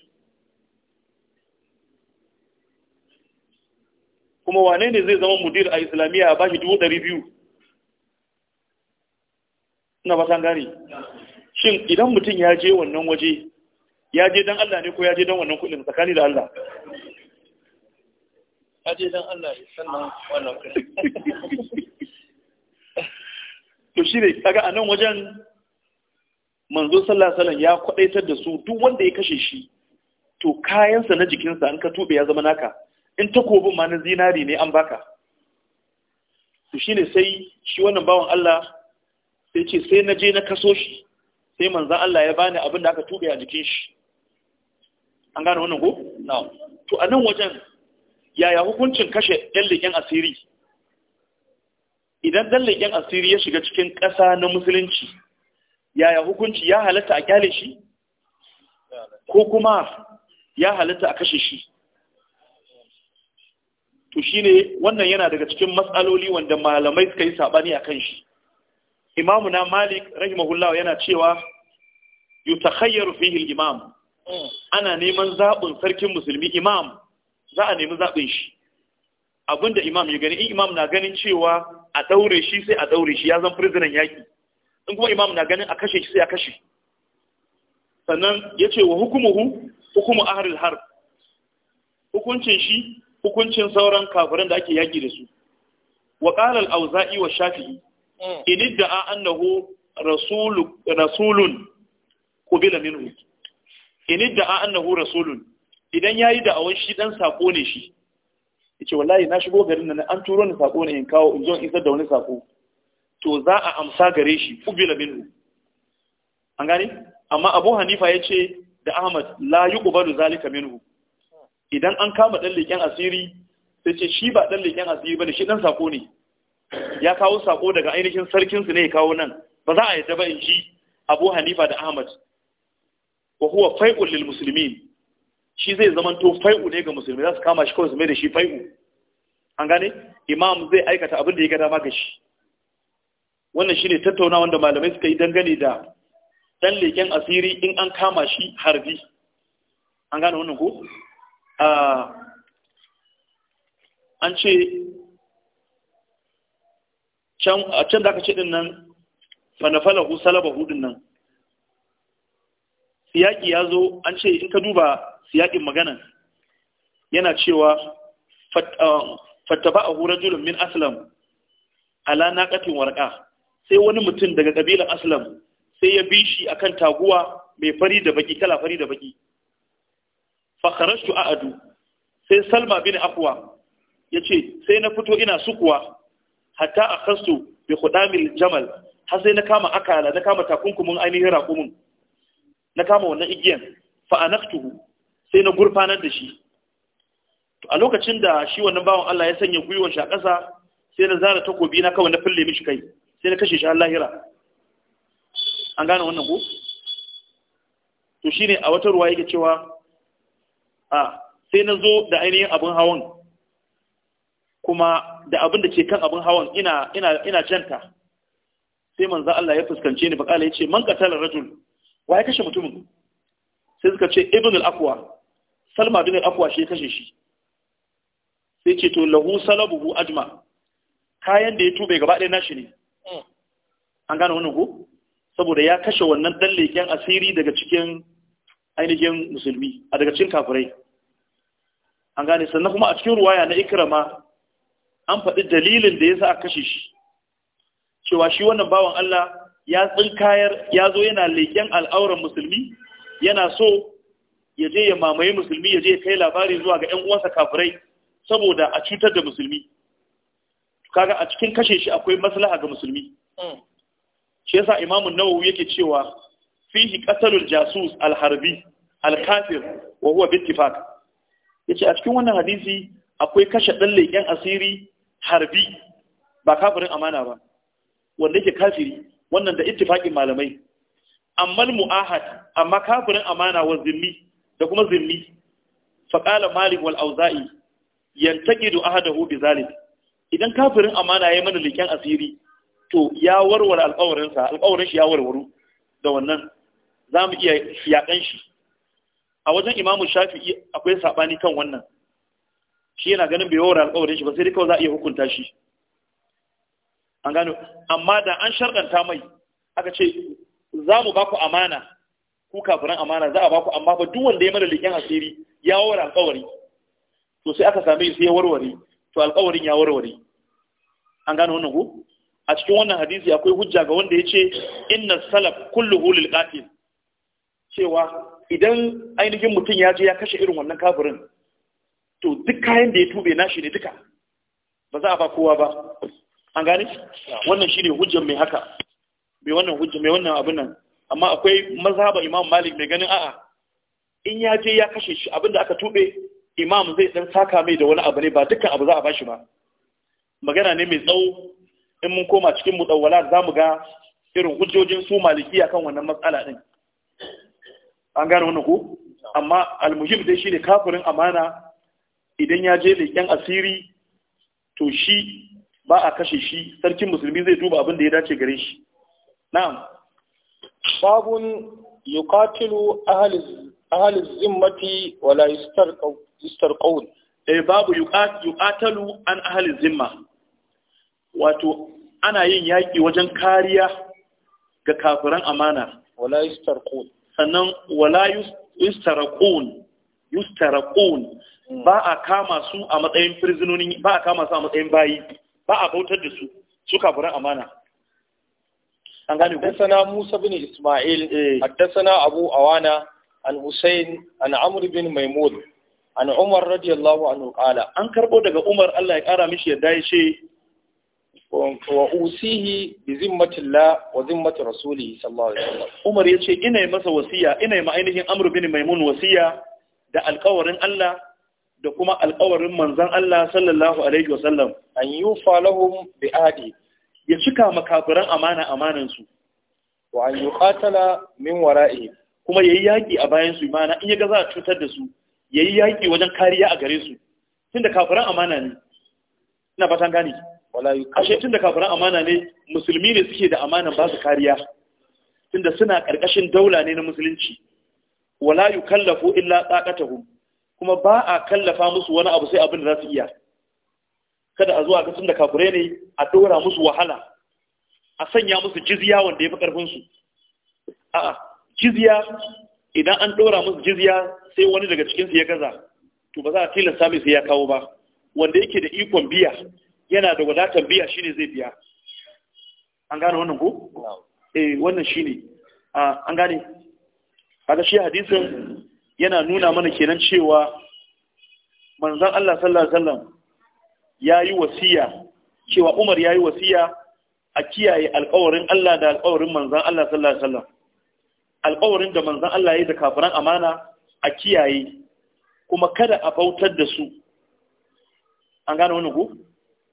kuma wane ne zai zama mudir a islamiyya a bashi dubu ɗari biyu na batan gane shin idan mutum ya je wannan waje ya je don Allah ne ko ya je don wannan kudin tsakani da Allah ya je don Allah ya sannan wannan kudin to shi ne kaga a nan wajen manzo sallallahu alaihi wasallam ya kwadaitar da su duk wanda ya kashe shi to kayansa na jikinsa an ka tube ya zama naka in takobin ma na zinari ne an baka to shine sai shi wannan bawan Allah sai ce sai na je na kaso shi sai manzon Allah ya bani abin da aka tube a jikin shi an gane wannan ko na'am to a nan wajen yaya hukuncin kashe ɗan leƙen asiri idan ɗan leƙen asiri ya shiga cikin ƙasa na musulunci yaya hukunci ya halatta a kyale shi ko kuma ya halatta a kashe shi to shine wannan yana daga cikin matsaloli wanda malamai suka yi sabani a kan shi imamu na malik rahimahullah yana cewa yutakhayyaru fihi al-imam ana neman zaɓin sarkin musulmi imam za a nemi zaɓin shi abinda imam ya gani in imam na ganin cewa a ɗaure shi sai a ɗaure shi ya zan firizinan yaƙi in kuma imam na ganin a kashe shi sai a kashe sannan ya ce wa hukumuhu hukumu aharil har hukuncin shi hukuncin sauran kafirin da ake yaƙi da su wa ƙalar auza'i wa shafi'i hmm. in da a annahu rasulun kubila minhu in da a annahu rasulun idan ya yi da'awar shi ɗan saƙo ne shi ya ce wallahi na shigo garin nan an turo ni saƙo ne in kawo in zo in isar da wani saƙo to za a amsa gare shi ubila minhu an gane amma abu hanifa ya ce da ahmad la yi ubalu zalika minhu idan an kama ɗan leƙen asiri sai ce shi ba ɗan leƙen asiri ba ne shi dan sako ne ya kawo sako daga ainihin sarkinsu ne ya kawo nan ba za a yadda ba in ji abu hanifa da ahmad wa huwa fai'u lil muslimin shi zai to fai'u ne ga musulmi za su kama shi kawai su mai da shi fai'u an gane imam zai aikata abin da ya ga dama ga shi wannan shi ne tattauna wanda malamai suka yi dangane da ɗan leken asiri in an kama shi harbi an gane wannan ko an ce can da aka ce ɗin nan fanafalahu salaba hudun nan siyaƙi ya zo an ce in ka duba siyaƙin magana yana cewa um, fattaba a hurar julun min aslam ala naƙatin warƙa sai wani mutum daga ƙabilar aslam sai ya bi shi akan taguwa mai fari da baki kala fari da baki fa kharajtu a'adu sai salma bin ya ce sai na fito ina sukuwa hatta akhastu bi khudamil jamal har sai na kama akala na kama takunkumin ainihin raƙumin na kama wannan igiyan fa anaktuhu sai na gurfanar da shi a lokacin da shi wannan bawan Allah ya sanya gwiwon shi a ƙasa sai na zara takobi na kawai na fille mishi kai sai na kashe shi har lahira an gane wannan ko to shine a wata ruwa yake cewa a sai na zo da ainihin abin hawan kuma da abin da ke kan abin hawan ina ina ina janta sai manzo Allah ya fuskance ni ya yace man qatala rajul wa ya kashe mutumin sai suka ce ibn al-aqwa salma bin al-aqwa shi kashe shi sai ce to lahu salabuhu ajma kayan da ya tube gaba ɗaya nashi ne an gane wani ku. saboda ya kashe wannan dan leken asiri daga cikin ainihin musulmi a daga cikin kafirai an gane sannan kuma a cikin ruwaya na Ikirama an faɗi dalilin da ya sa a kashe shi cewa shi wannan bawan Allah ya tsinkayar ya zo yana leken al'auran musulmi yana so ya je ya mamaye musulmi ya je ya kai labari zuwa ga 'yan uwansa kafirai saboda a cutar da musulmi kaga a cikin kashe shi akwai maslaha ga musulmi hmm. shi yasa imamun nawawi yake cewa fihi qatalul jasus alharbi alkafir al-kafir wa huwa bittifaq yace a cikin wannan hadisi akwai kashe dan leken asiri harbi ba kafirin amana ba wanda yake kafiri wannan da ittifaqin malamai amma mu'ahad amma kafirin amana wa zimmi da kuma zimmi faqala malik wal auza'i yantaqidu ahadahu bi zalika idan kafirin amana ya mana leken asiri to ya warware alƙawarinsa alƙawarin shi ya warware. da wannan za mu iya yaƙan shi a wajen imamu shafi'i akwai saɓani kan wannan shi yana ganin bai warware alƙawarin shi ba sai dai kawai za a iya hukunta shi an gano amma da an sharɗanta mai aka ce za mu ba ku amana ku kafiran amana za a ba ku amma ba duk wanda ya mana leken asiri ya warware alƙawari to sai aka same shi sai ya warware to alƙawarin ya warware an gano wannan ku a cikin wannan hadisi akwai hujja ga wanda ya ce inna salaf kulluhu lil qatil cewa idan ainihin mutum ya je ya kashe irin wannan kafirin to duk kayan da ya tube nashi ne duka ba za a ba kowa ba an gane wannan shine hujjar mai haka mai wannan hujja, mai wannan abin nan amma akwai mazhaba imam malik mai ganin a'a in ya je ya kashe shi abinda aka tube imam zai dan saka mai da wani abu ne ba dukkan abu za a bashi ba magana ne mai tsawo in mun koma cikin mudawwala za mu ga irin hujjojin su malikiya kan wannan matsala din an gane wannan ko amma almuhim dai shine kafirin amana idan ya je leken asiri to shi ba a kashe shi sarkin musulmi zai duba abin da ya dace gare shi na'am babun yuqatilu ahli ahli zimmati wala yastarqu yustarqun eh babu yuqatalu an ahli zimma wato ana yin yaki wajen kariya ga kafiran amana wala yustarqun sannan wala yustarqun yustarqun hmm. ba a kama su a matsayin prisoners ba a kama su a matsayin bayi ba a bautar da su su kafiran amana an gane ku sana Musa bin Isma'il eh. haddasana Abu Awana an Hussein an Amr bin Maimun an umar radiyallahu anhu qala an karbo daga umar Allah ya kara mishi yadda ya ce wa usihi bi zimmatillah wa zimmati rasulihi sallallahu alaihi wasallam umar ya ce ina masa wasiya ina yi ainihin amr bin maimun wasiya da alƙawarin Allah da kuma alƙawarin manzon Allah sallallahu alaihi wasallam an yufa lahum bi ahdi ya cika makafiran amana amanan su wa an yuqatala min wara'i kuma yayi yaki a bayan su imana in ya ga za a cutar da su ya yi yaƙi wajen kariya a gare su tun da kafiran amana ne ina fatan gani ashe tun da kafiran amana ne musulmi ne suke da amanan ba su kariya tun da suna ƙarƙashin daula ne na musulunci wala yu kallafu illa hu. kuma ba a kallafa musu wani abu sai abin da za su iya kada a zuwa ga da kafure ne a dora musu wahala a sanya musu jizya wanda ya fi ƙarfinsu a'a jizya idan an dora musu jizya sai wani daga cikinsu ya gaza to ba za a tilasta mai sai ya kawo ba wanda yake da ikon biya yana da wadatar biya shine zai biya an gane wannan ko eh wannan shine an gane kaga shi hadisin yana nuna mana kenan cewa manzon Allah sallallahu alaihi wasallam yayi wasiya cewa Umar yayi wasiya a kiyaye alƙawarin Allah da alƙawarin manzon Allah sallallahu alaihi wasallam alƙawarin da manzon Allah ya yi da kafiran amana a kiyaye kuma kada a bautar da su an gane wani ku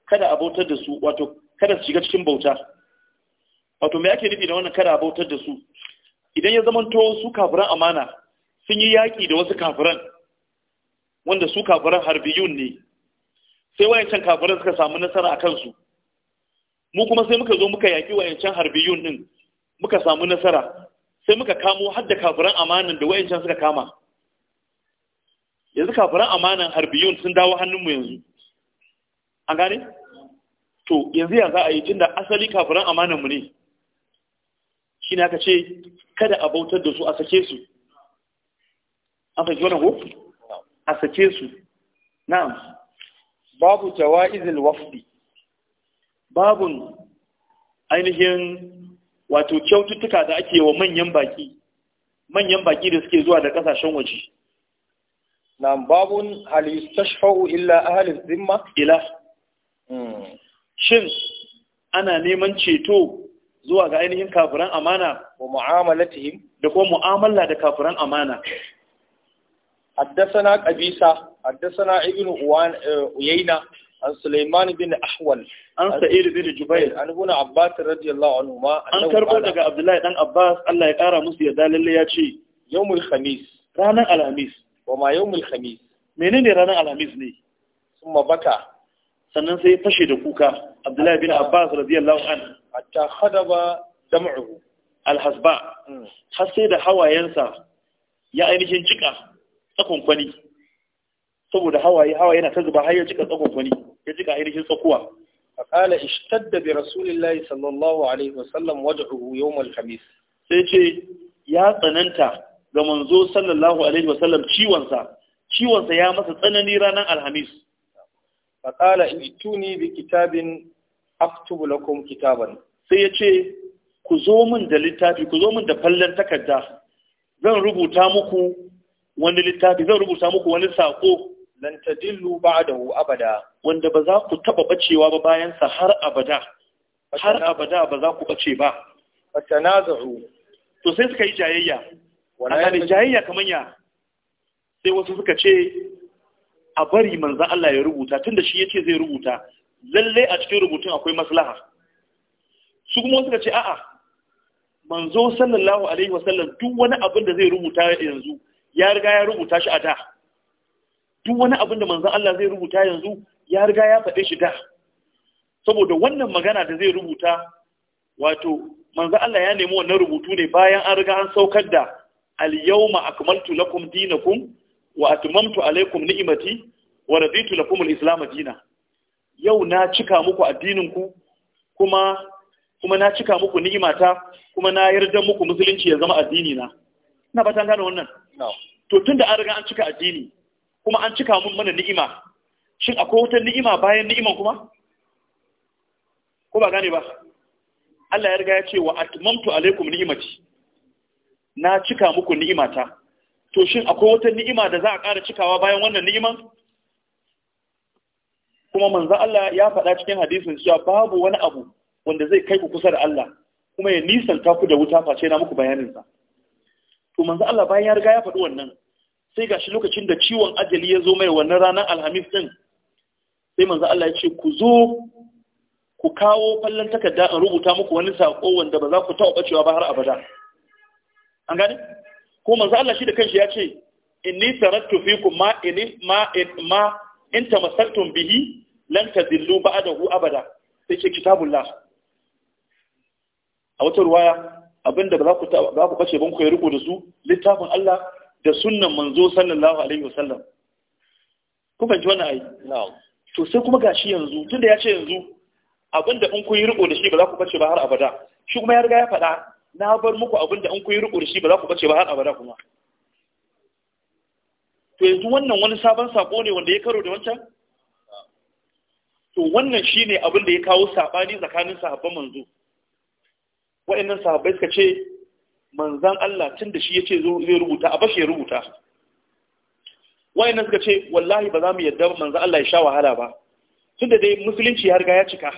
kada a bautar da su wato kada su shiga cikin bauta wato me ake nufi da wannan kada a bautar da su idan ya zama to su kafiran amana sun yi yaƙi da wasu kafiran wanda su kafiran harbiyun ne sai wayancan kafiran suka samu nasara a kansu mu kuma sai muka zo muka yaƙi wayancan harbiyun din muka samu nasara sai muka kamo har da kafiran amanan da wayancan suka kama yanzu kafiran amanan harbiyun sun dawo hannunmu yanzu an gane to yanzu ya za a yi tunda asali kafiran amananmu ne shi ne aka ce kada a bautar da su a sake su an sake wannan ko a sake su na'am babu jawa'izil wafdi babun ainihin wato kyaututtuka da ake wa manyan baki manyan baki da suke zuwa da kasashen waje nan babun hal yustashfa'u illa ahalin zimma ila hmm. shin ana neman ceto zuwa ga ainihin kafiran amana wa mu'amalatihim da kuma mu'amala da kafiran amana حدثنا قبيسة حدثنا ابن عيينة عن Suleiman bin أحول An سعيد بن جبير An ابن عباس رضي الله عنهما عن كربو دغ musu ya dalil ya ce ranar alhamis wa ma yau khamis menene ranar alhamis ne summa baka sannan sai fashe da kuka abdullahi bin abbas radiyallahu an hatta ba dam'uhu alhasba hmm. har sai da hawayensa ya ainihin cika tsakon kwani saboda hawaye hawaye na ta zuba har ya cika tsakon kwani ya cika ainihin tsakuwa فقال اشتد برسول الله صلى الله عليه وسلم وجعه يوم الخميس sai ce ya tsananta ga manzo sallallahu alaihi wasallam ciwonsa ciwonsa ya masa tsanani ranar alhamis faƙala ituni bi kitabin aktubu lakum kitaban sai ya ce ku zo min da littafi ku zo min da fallan takarda zan rubuta muku wani littafi zan rubuta muku wani sako lan tadillu ba'dahu abada wanda ba za ku taba bacewa ba bayan sa har abada har abada ba za ku bace ba fatanazu to sai suka yi jayayya wannan jayayya kaman ya sai wasu suka ce a bari manzan Allah ya rubuta tunda shi yace zai rubuta lalle a cikin rubutun akwai maslaha su kuma suka ce a'a manzo sallallahu alaihi wasallam duk wani abin da zai rubuta yanzu ya riga ya rubuta shi a da duk wani abin da manzan Allah zai rubuta yanzu ya riga ya faɗe shi da saboda wannan magana da zai rubuta wato manzan Allah ya nemi wannan rubutu ne bayan an riga an saukar da al-yawma akmaltu lakum dinakum wa atmamtu alaykum ni'mati wa raditu lakum al-islam dina yau na cika muku addinin ku kuma kuma na cika muku ni'imata kuma na yarda muku musulunci ya zama addini na ina ba gane wannan to tunda an riga an cika addini kuma an cika mun mana ni'ima shin akwai wata ni'ima bayan ni'iman kuma ko ba gane ba Allah ya riga ya ce wa atmamtu alaykum ni'mati na cika muku ni'imata to shin akwai wata ni'ima da za a ƙara cikawa bayan wannan ni'iman kuma manzo Allah ya faɗa cikin hadisin cewa babu wani abu wanda zai kai ku kusa da Allah kuma ya nisanta ku da wuta face na muku bayanin sa to manzo Allah bayan ya riga ya faɗi wannan sai gashi lokacin da ciwon ajali ya zo mai wannan ranar Alhamis din sai manzo Allah ya ce ku zo ku kawo fallon takarda in rubuta muku wani sako wanda ba za ku taɓa cewa ba har abada an gane ko manzo Allah shi da kanshi ya ce inni taraktu fikum ma in ma ma in tamassaktum bihi lan tadillu ba'dahu abada sai ce kitabullah a wata ruwaya abinda ba za ku ba ku bace ban ku ya riko da su littafin Allah da sunnan manzo sallallahu alaihi wasallam ban ji wannan ai to sai kuma gashi yanzu tunda ya ce yanzu abinda in ku yi riko da shi ba za ku bace ba har abada shi kuma ya riga ya faɗa na bar muku abin da an kuyi yi da shi ba za ku bace ba har abada kuma to yanzu wannan wani sabon sako ne wanda ya karo da wancan to wannan shine abin da ya kawo sabani tsakanin sahabban manzo wa'annan sahabbai suka ce manzan Allah tun da shi ya ce zai rubuta a bashi ya rubuta wa'annan suka ce wallahi ba za mu yarda manzan Allah ya sha wahala ba tun da dai musulunci har ga ya cika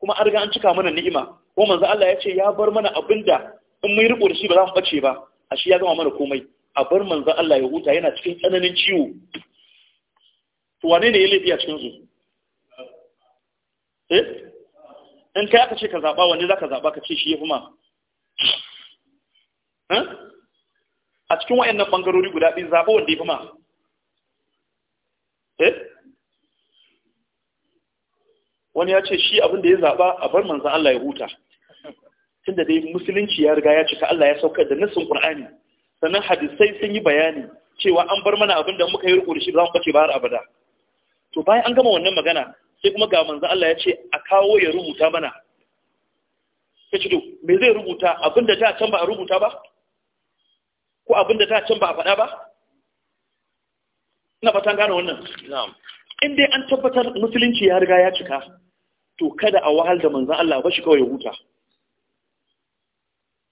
kuma an riga an cika mana ni'ima ko manzo Allah ya ce ya bar mana abinda in mun riko da shi ba za mu bace ba a shi ya gama mana komai a bar manzo Allah ya huta yana cikin tsananin ciwo to wane ne ya laifi a cikin su eh in kai aka ce ka zaba wanne zaka zaba ka ce shi yafi ma eh? a cikin wayannan bangarori guda biyu zaba wanda yafi ma wani ya ce shi abin da ya zaɓa a bar manzan Allah ya huta tunda dai musulunci ya riga ya cika Allah ya saukar da nassin Qur'ani sannan hadisai sun yi bayani cewa an bar mana abin da muka yi riko shi ba mu bace ba har abada to bayan an gama wannan magana sai kuma ga manzan Allah ya ce a kawo ya rubuta mana sai ce to me zai rubuta abin da ta can ba a rubuta ba ko abin da ta can ba a faɗa ba ina fatan gane wannan na'am in dai an tabbatar musulunci ya riga ya cika to kada a wahal da manzan Allah ba shi kawai huta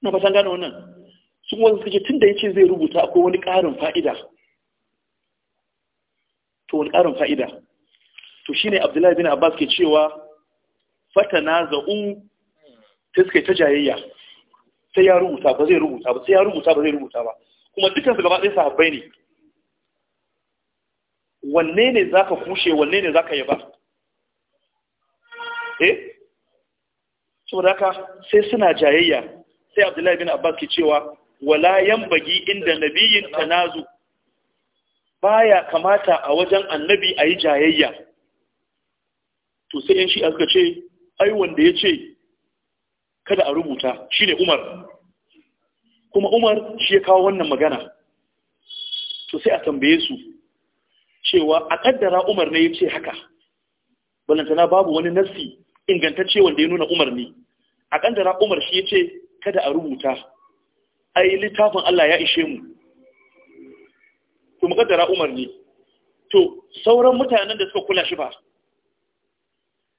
na fatan gane wannan sun wanzu suke tun da ya ce zai rubuta akwai wani ƙarin fa'ida to wani ƙarin fa'ida to shi ne abdullahi bin abbas ke cewa fata na za’un ta suka ta jayayya sai ya rubuta ba zai rubuta ba sai ya rubuta ba zai rubuta ba kuma dukkan su gaba ɗaya sahabbai ne wanne ne za ka kushe wanne ne za ka yaba Eh? saboda haka sai suna jayayya sai abdullahi bin abbas ke cewa wala yambagi inda nabiyin tanazu baya kamata a wajen annabi a yi jayayya to sai yan shi aka ce ai wanda ya ce kada a rubuta shine umar kuma umar shi ya kawo wannan magana to sai a tambaye su cewa a kaddara umar ne ya ce haka balantana babu wani nassi ingantacce wanda ya nuna umar ne a ƙandara umar shi ya ce kada a rubuta A yi littafin Allah ya ishe mu to muƙaddara umar ne to sauran mutanen da suka kula shi ba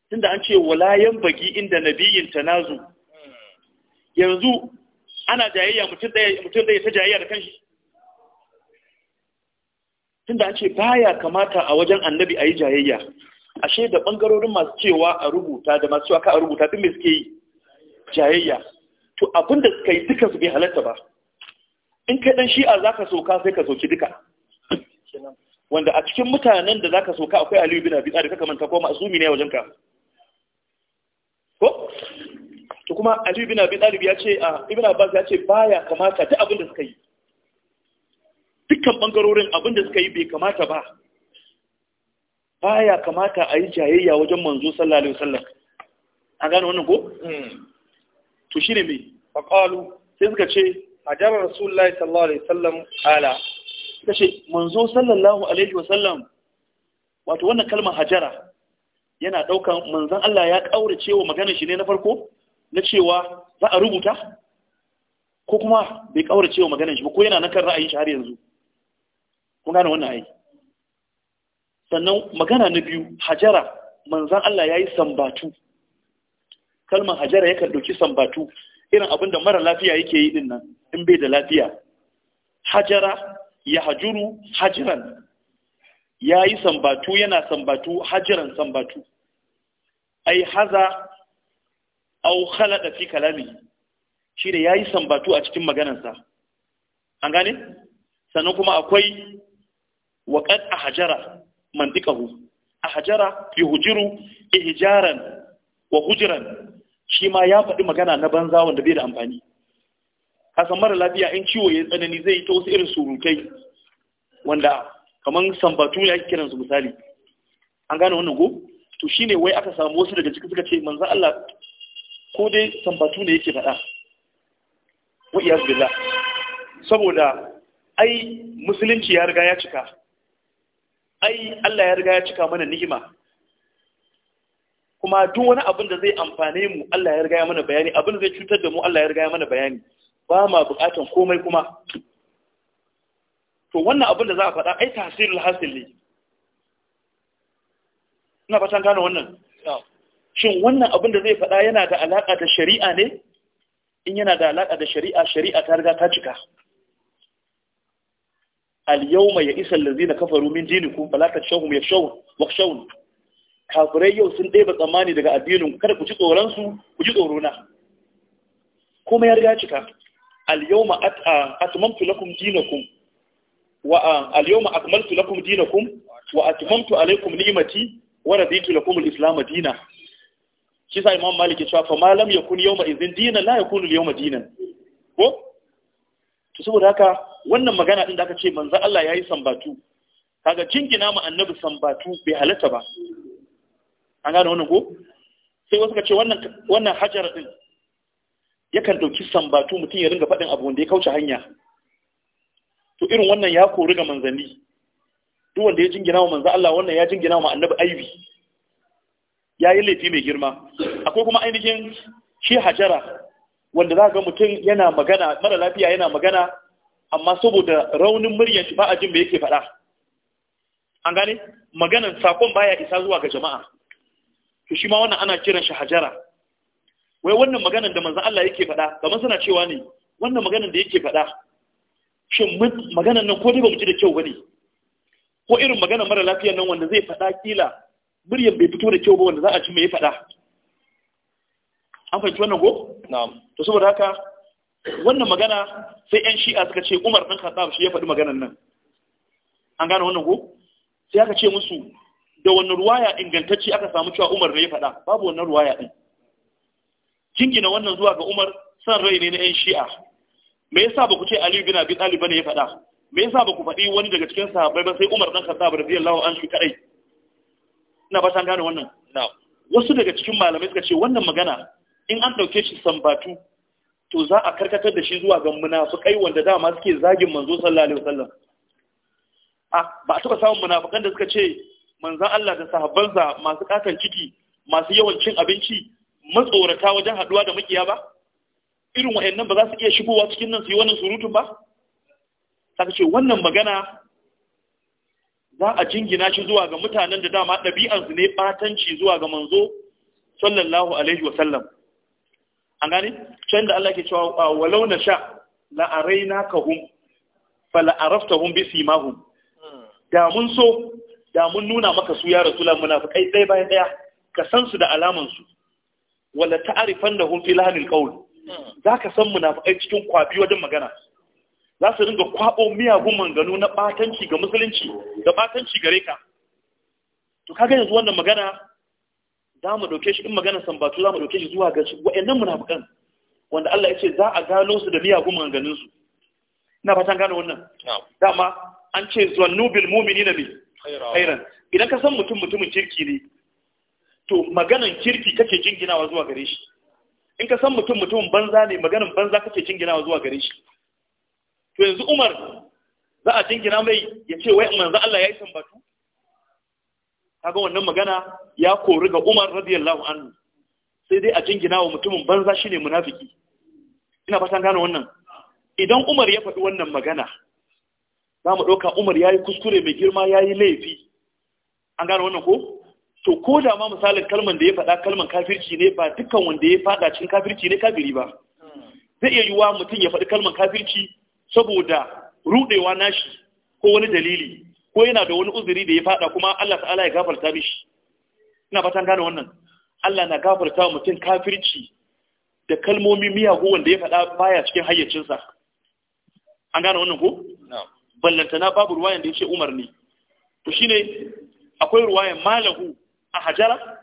tunda an ce walayan bagi inda nabiyin tanazu yanzu ana jayayya mutum ɗaya ta jayayya da kanshi tunda an ce baya kamata a wajen annabi a yi jayayya ashe da bangarorin masu cewa a rubuta da masu cewa ka a rubuta duk mai suke yi jayayya to abin da suka yi duka su bai halatta ba in kai dan shi'a zaka soka sai ka soki duka wanda a cikin mutanen da zaka soka akwai Aliyu bin Abi Talib kaka manta ko ma'sumi ne wajen ka ko to kuma Aliyu bin Abi Talib ya ce a Ibn Abbas ya ce baya kamata duk abin da suka yi dukkan bangarorin abin da suka yi bai kamata ba baya kamata a yi jayayya wajen manzo sallallahu alaihi wasallam an gane wannan ko hmm. to shine me faqalu sai suka ce hajar rasulullahi sallallahu alaihi wasallam ala suka ce manzo sallallahu alaihi wasallam wato wannan kalmar hajara yana daukan manzan Allah ya ƙaure cewa maganar shi ne na farko na cewa za a rubuta ko kuma bai ƙaure cewa maganar shi ba ko yana nan kan ra'ayin shi har yanzu kun gane wannan ai sannan magana na biyu hajara manzan Allah ya yi sambatu kalmar hajara yakan ɗauki sambatu irin abin da mara lafiya yake yi dinnan in bai da lafiya hajara ya hajuru hajiran ya yi sambatu yana sambatu hajiran sambatu ai haza au khalada fi kalami shi ne ya yi sambatu a cikin maganarsa an gane sannan kuma akwai waƙar a hajara mandikahu ahjara yuhjiru ihjaran wa hujran shi ma ya faɗi magana na banza wanda bai da amfani kasan mara lafiya in ciwo ya tsanani zai yi ta wasu irin surutai wanda kamar sambatu ya kiran su misali an gane wannan ko to shine wai aka samu wasu daga cikin suka ce manzo Allah ko dai sambatu ne yake faɗa wa iyaz billah saboda ai musulunci ya riga ya cika ai Allah ya riga ya cika mana ni'ima kuma duk wani abin da zai amfane mu Allah ya riga ya mana bayani abin da zai cutar da mu Allah ya riga ya mana bayani ba ma bukatan komai kuma to wannan abin da za a faɗa ai tahsilul hasil ne ina fatan gane wannan shin wannan abin da zai faɗa yana da alaƙa da shari'a ne in yana da alaƙa da shari'a shari'a ta riga ta cika alyawma yawma ya isa allazina kafaru min dinikum fala tashawhum yashawun wakshawun kafirai yau sun ɗeba tsammani daga addinin kada ku ji tsoron su ku ji tsoro na kuma ya riga cika alyawma yawma ah, atmamtu lakum dinakum wa ah, al-yawma akmaltu lakum dinakum wa atmamtu alaykum ni'mati wa raditu lakum al-islam shi sa imam malik ya cewa fa ma lam yakun yawma idhin dina la yakunu al-yawma dinan ko to saboda haka wannan magana din da aka ce manzo Allah yayi sambatu kaga jingina mu annabi sambatu bai halatta ba an gane wannan ko sai wasu ka ce wannan wannan hajar din yakan dauki sambatu mutum ya ringa faɗin abu wanda ya kauce hanya to irin wannan ya kori ga manzanni duk wanda ya jingina wa manzo Allah wannan ya jingina wa annabi aibi ya yi laifi mai girma akwai kuma ainihin shi hajara wanda za ga mutum yana magana mara lafiya yana magana amma saboda raunin muryar ba a jin me yake faɗa an gane maganan sakon baya isa zuwa ga jama'a to shi ma wannan ana kiran shi hajara wai wannan maganan da manzon Allah yake faɗa kamar suna cewa ne wannan maganan da yake faɗa shin maganan nan ko dai ba mu ji da kyau bane ko irin magana mara lafiyar nan wanda zai faɗa kila muryar bai fito da kyau ba wanda za a ji me ya faɗa an fahimci wannan ko na'am to saboda haka wannan magana sai yan shi'a suka ce umar ɗan khattab shi ya faɗi maganan nan an gane wannan ko sai aka ce musu da wannan ruwaya ingantacce aka samu cewa umar ne ya faɗa babu wannan ruwaya ɗin jingina wannan zuwa ga umar san rai ne na yan shi'a me yasa ba ku ce aliyu bin abi talib ne ya faɗa me yasa ba ku faɗi wani daga cikin sahabbai ba sai umar ɗan khattab radiyallahu anhu kadai ina ba san gane wannan wasu daga cikin malamai suka ce wannan magana in an ɗauke shi sambatu to za a karkatar da shi zuwa ga munafukai wanda dama suke zagin manzo sallallahu alaihi wasallam a ba a taba samun munafukan da suka ce manzon Allah da sahabbansa masu katan ciki masu yawan cin abinci matsorata wajen haduwa da makiya ba irin wayannan ba za su iya shigowa cikin nan su yi wannan surutun ba saka ce wannan magana za a jingina shi zuwa ga mutanen da dama ɗabi'ansu ne batanci zuwa ga manzo sallallahu alaihi wasallam an gane can da Allah ke cewa ah, walau na sha na ka hum fala'arafta hum bi simahum da mun so da mun nuna maka su ya rasula munafikai ɗaya bayan ɗaya ka san su da alaman su wala ta'rifan da hum fi lahanil Za zaka san munafikai cikin kwabi wajen magana za su ringa kwabo miyagun manganu na batanci ga musulunci da batanci gare ka to kaga yanzu wannan magana za mu ɗauke shi in magana sambatu za mu ɗauke shi zuwa ga wa'annan munafukan wanda Allah ya ce za a gano su da miyagun maganganun su ina fatan gane wannan dama an ce zannu bil mu'minina bi khairan idan ka san mutum mutumin kirki ne to maganan kirki kake jinginawa zuwa gare shi in ka san mutum mutumin banza ne maganan banza kake jinginawa zuwa gare shi to yanzu Umar za a jingina mai ya ce wai manzo Allah ya yi sambatu kaga wannan magana ya kori ga Umar radiyallahu anhu sai dai a jingina wa mutumin banza shine munafiki ina fatan gano wannan idan Umar ya faɗi wannan magana za mu ɗauka Umar ya yi kuskure mai girma ya yi laifi an gano wannan ko to ko da ma misalin kalman da ya faɗa kalman kafirci ne ba dukkan wanda ya faɗa cikin kafirci ne kafiri ba zai iya yiwuwa mutum ya faɗi kalman kafirci saboda ruɗewa nashi ko wani dalili ko yana da wani uzuri da ya fada kuma Allah ta'ala ya gafarta mishi ina fatan gane wannan Allah na gafarta wa mutum kafirci da kalmomi miyagu wanda ya faɗa baya cikin hayyacinsa an gane wannan ko na babu ruwayan da ya ce umar ne to shine akwai ruwayan malahu a hajara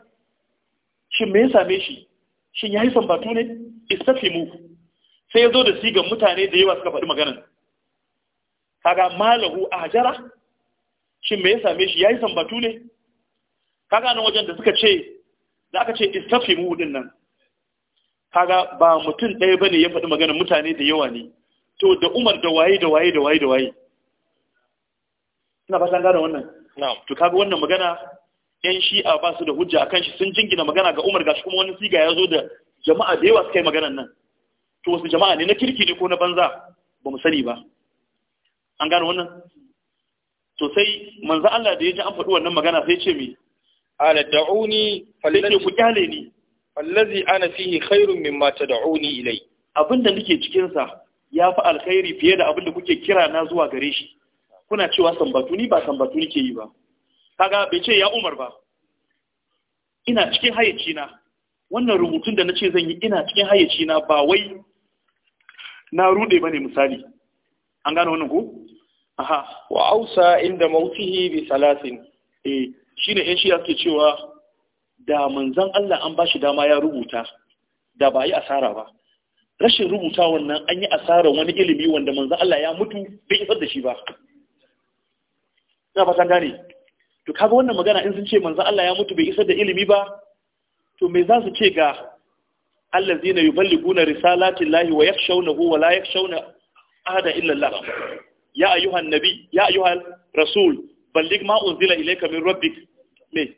shin me ya same shi shin ya sambatu ne istafimu sai ya zo da sigan mutane da yawa suka faɗi maganan kaga malahu a hajara shin me ya same shi yayi sambatu ne Ka gane wajen da suka ce da aka ce mu din nan kaga ba mutum ɗaya bane ya faɗi magana mutane da yawa ne to da Umar da waye da waye da waye da waye ina ba san gane wannan na'am to kaga wannan magana yan shi'a ba su da hujja akan shi sun jingina magana ga Umar gashi kuma wani siga ya zo da jama'a da yawa suka yi maganar nan to wasu jama'a ne na kirki ne ko na banza ba mu sani ba an gane wannan to sai manzo Allah da ya an faɗi wannan magana sai ce mi ala da'uni fallazi ku kyale ni fallazi ana fihi khairun mimma tad'uni ilai abinda nake cikin sa yafi alkhairi fiye da abinda kuke kira na zuwa gare shi kuna cewa sambatu ni ba sambatu nake yi ba kaga bai ce ya Umar ba ina cikin hayyaci na wannan rubutun da nace zan yi ina cikin hayyaci na ba wai na rude bane misali an gano wannan ko wa ausa inda mautihi bi salasin eh ne yan shi suke cewa da manzon Allah an bashi dama ya rubuta da ba yi asara ba rashin rubuta wannan an yi asara wani ilimi wanda manzon Allah ya mutu bai isar da shi ba ina fatan gane to kaga wannan magana in sun ce manzon Allah ya mutu bai isar da ilimi ba to me za su ce ga allazina yuballiguna risalati llahi wa yakhshawnahu wa la yakhshawna ahada illa Allah ya ayyuhan nabi ya ayyuhan rasul balligh ma unzila ilayka min rabbik me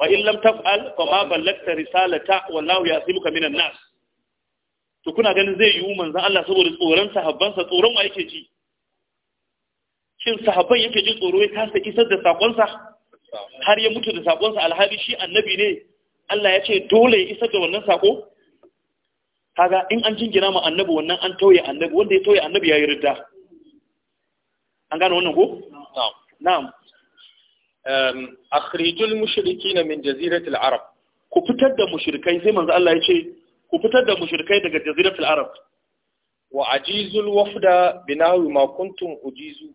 wa in lam taf'al fa ma ballagta risalata wallahu min an nas to kuna ganin zai yi manzon Allah saboda tsoron sahabbansa tsoron wa yake ji shin sahabban yake jin tsoro ya kasa isar da sakonsa har ya mutu da sakonsa Alhaji shi annabi ne Allah ya ce dole ya isar da wannan sako kaga in an jingina ma annabi wannan an tauye annabi wanda ya tauye annabi ya yi ridda an gane wannan ko na'am akhrijul mushrikin min jaziratul arab ku fitar da mushrikai sai manzo Allah ya ce ku fitar da mushrikai daga jaziratul arab wa ajizul wafda binawi ma kuntum ujizu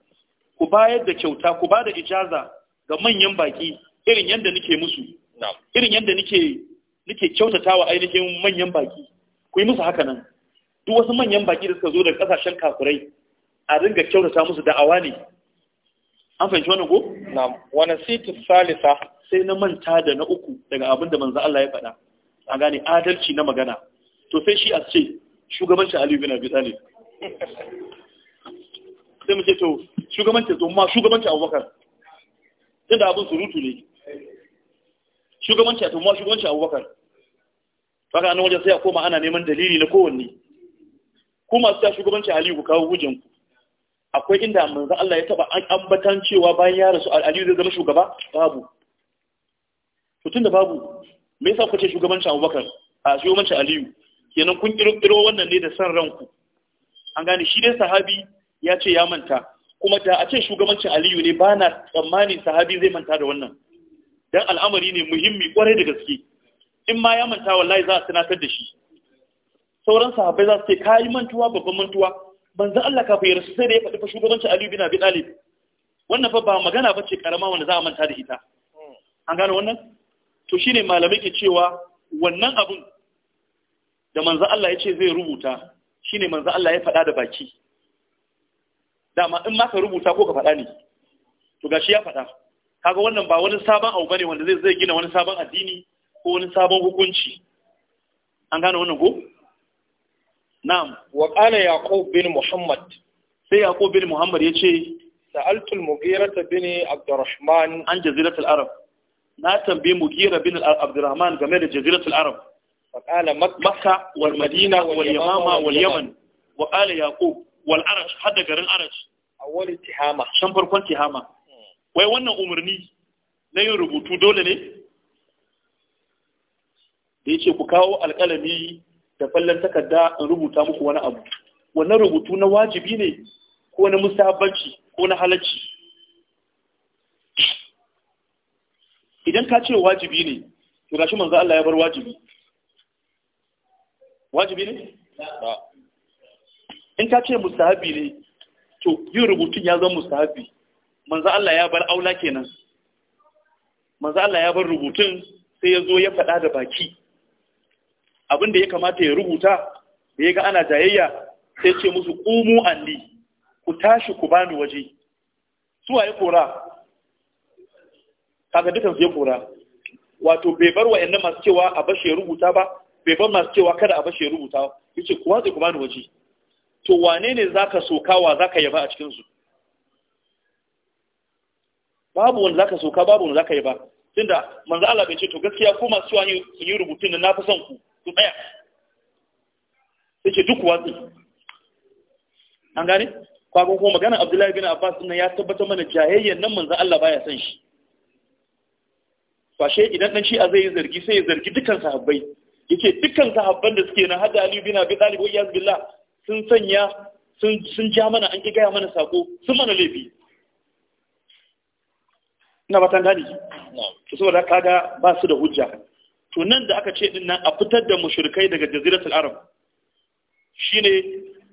ku bayar da kyauta ku ba da ijaza ga manyan baki irin yadda nake musu irin yadda nake nake kyautatawa ainihin manyan baki ku yi musu haka nan duk wasu manyan baki da suka zo daga kasashen kafirai a ringa kyautata musu da'awa ne an fahimci wannan ko na wani nasitu salisa sai na manta da na uku daga abin da manzo Allah ya faɗa a gane adalci na magana to sai shi a ce shugabancin Ali bin Abi Talib sai mu ce to shugabancin to ma shugabancin Abubakar tunda abin surutu ne shugabancin to ma shugabancin Abubakar kaga an wajen sai a koma ana neman dalili na kowanne ko masu ta shugabancin Aliyu ku kawo hujjanku akwai inda manzo Allah ya taba ambatan cewa bayan ya rasu Aliyu zai zama shugaba babu to da babu me yasa kuke ce shugabancin Abubakar a shugabancin Aliyu kenan kun kirkiro wannan ne da san ranku an gane shi dai sahabi ya ce ya manta kuma da a ce shugabancin Aliyu ne ba na tsammani sahabi zai manta da wannan dan al'amari ne muhimmi kwarai da gaske in ma ya manta wallahi za a tunatar da shi sauran sahabbai za su ce kayi mantuwa babban mantuwa banzan Allah kafin ya rasu sai da ya faɗi fa shugabancin Ali bin Abi Talib wannan fa ba magana bace karama wanda za a manta da ita an gane wannan to shine malamai ke cewa wannan abun da manzan Allah ya ce zai rubuta shine manzan Allah ya faɗa da baki dama in ma ka rubuta ko ka faɗa ne to gashi ya faɗa kaga wannan ba wani sabon abu bane wanda zai zai gina wani sabon addini ko wani sabon hukunci an gane wannan ko na'am wa qala yaqub bin muhammad sai yaqub bin muhammad ya ce. al-mughira bin abdurrahman an jazirat arab na tambayi mughira bin abdurrahman game da jazirat arab fa qala makka wal madina wal yamama wal yaman wa qala yaqub wal arash hada garin arash awwal tihama shan farkon tihama wai wannan umarni na yin rubutu dole ne da ce ku kawo alƙalami da fallon takarda in rubuta muku wani abu wannan rubutu na wajibi ne ko na musabbanci ko na halacci idan ka ce wajibi ne to gashi manzo Allah ya bar wajibi wajibi ne in ka ce mustahabi ne to yin rubutun ya zama mustahabi manzo Allah ya bar aula kenan manzo Allah ya bar rubutun sai ya zo ya faɗa da baki abin da ya kamata ya rubuta da ya ga ana jayayya sai ce musu ƙumu anni ku tashi ku bani waje suwa ya kora kaga dukansu ya kora wato bai bar wa yannan masu cewa a bashe rubuta ba bai bar masu cewa kada a bashe rubuta ba ce ku watsa ku bani waje to wane ne za ka wa za ka yaba a cikinsu? babu wanda ka soka babu wanda ka yaba tunda manzo Allah bai ce to gaskiya ko masu cewa yi rubutun na fi son ku ku sai duk watsi an gane kwagon kuma abdullahi bin abbas nan ya tabbatar mana jahayyar nan manzan allah baya son shi fashe idan dan shi'a zai yi zargi sai ya zargi dukkan sahabbai yake dukkan sahabban da suke na hada ali bin abi talib wa iyaz billah sun sanya sun sun ja mana an ki gaya mana sako sun mana laifi ina batan tan gani to saboda kaga ba su da hujja to nan da aka ce din nan a fitar da mushrikai daga jaziratul arab shine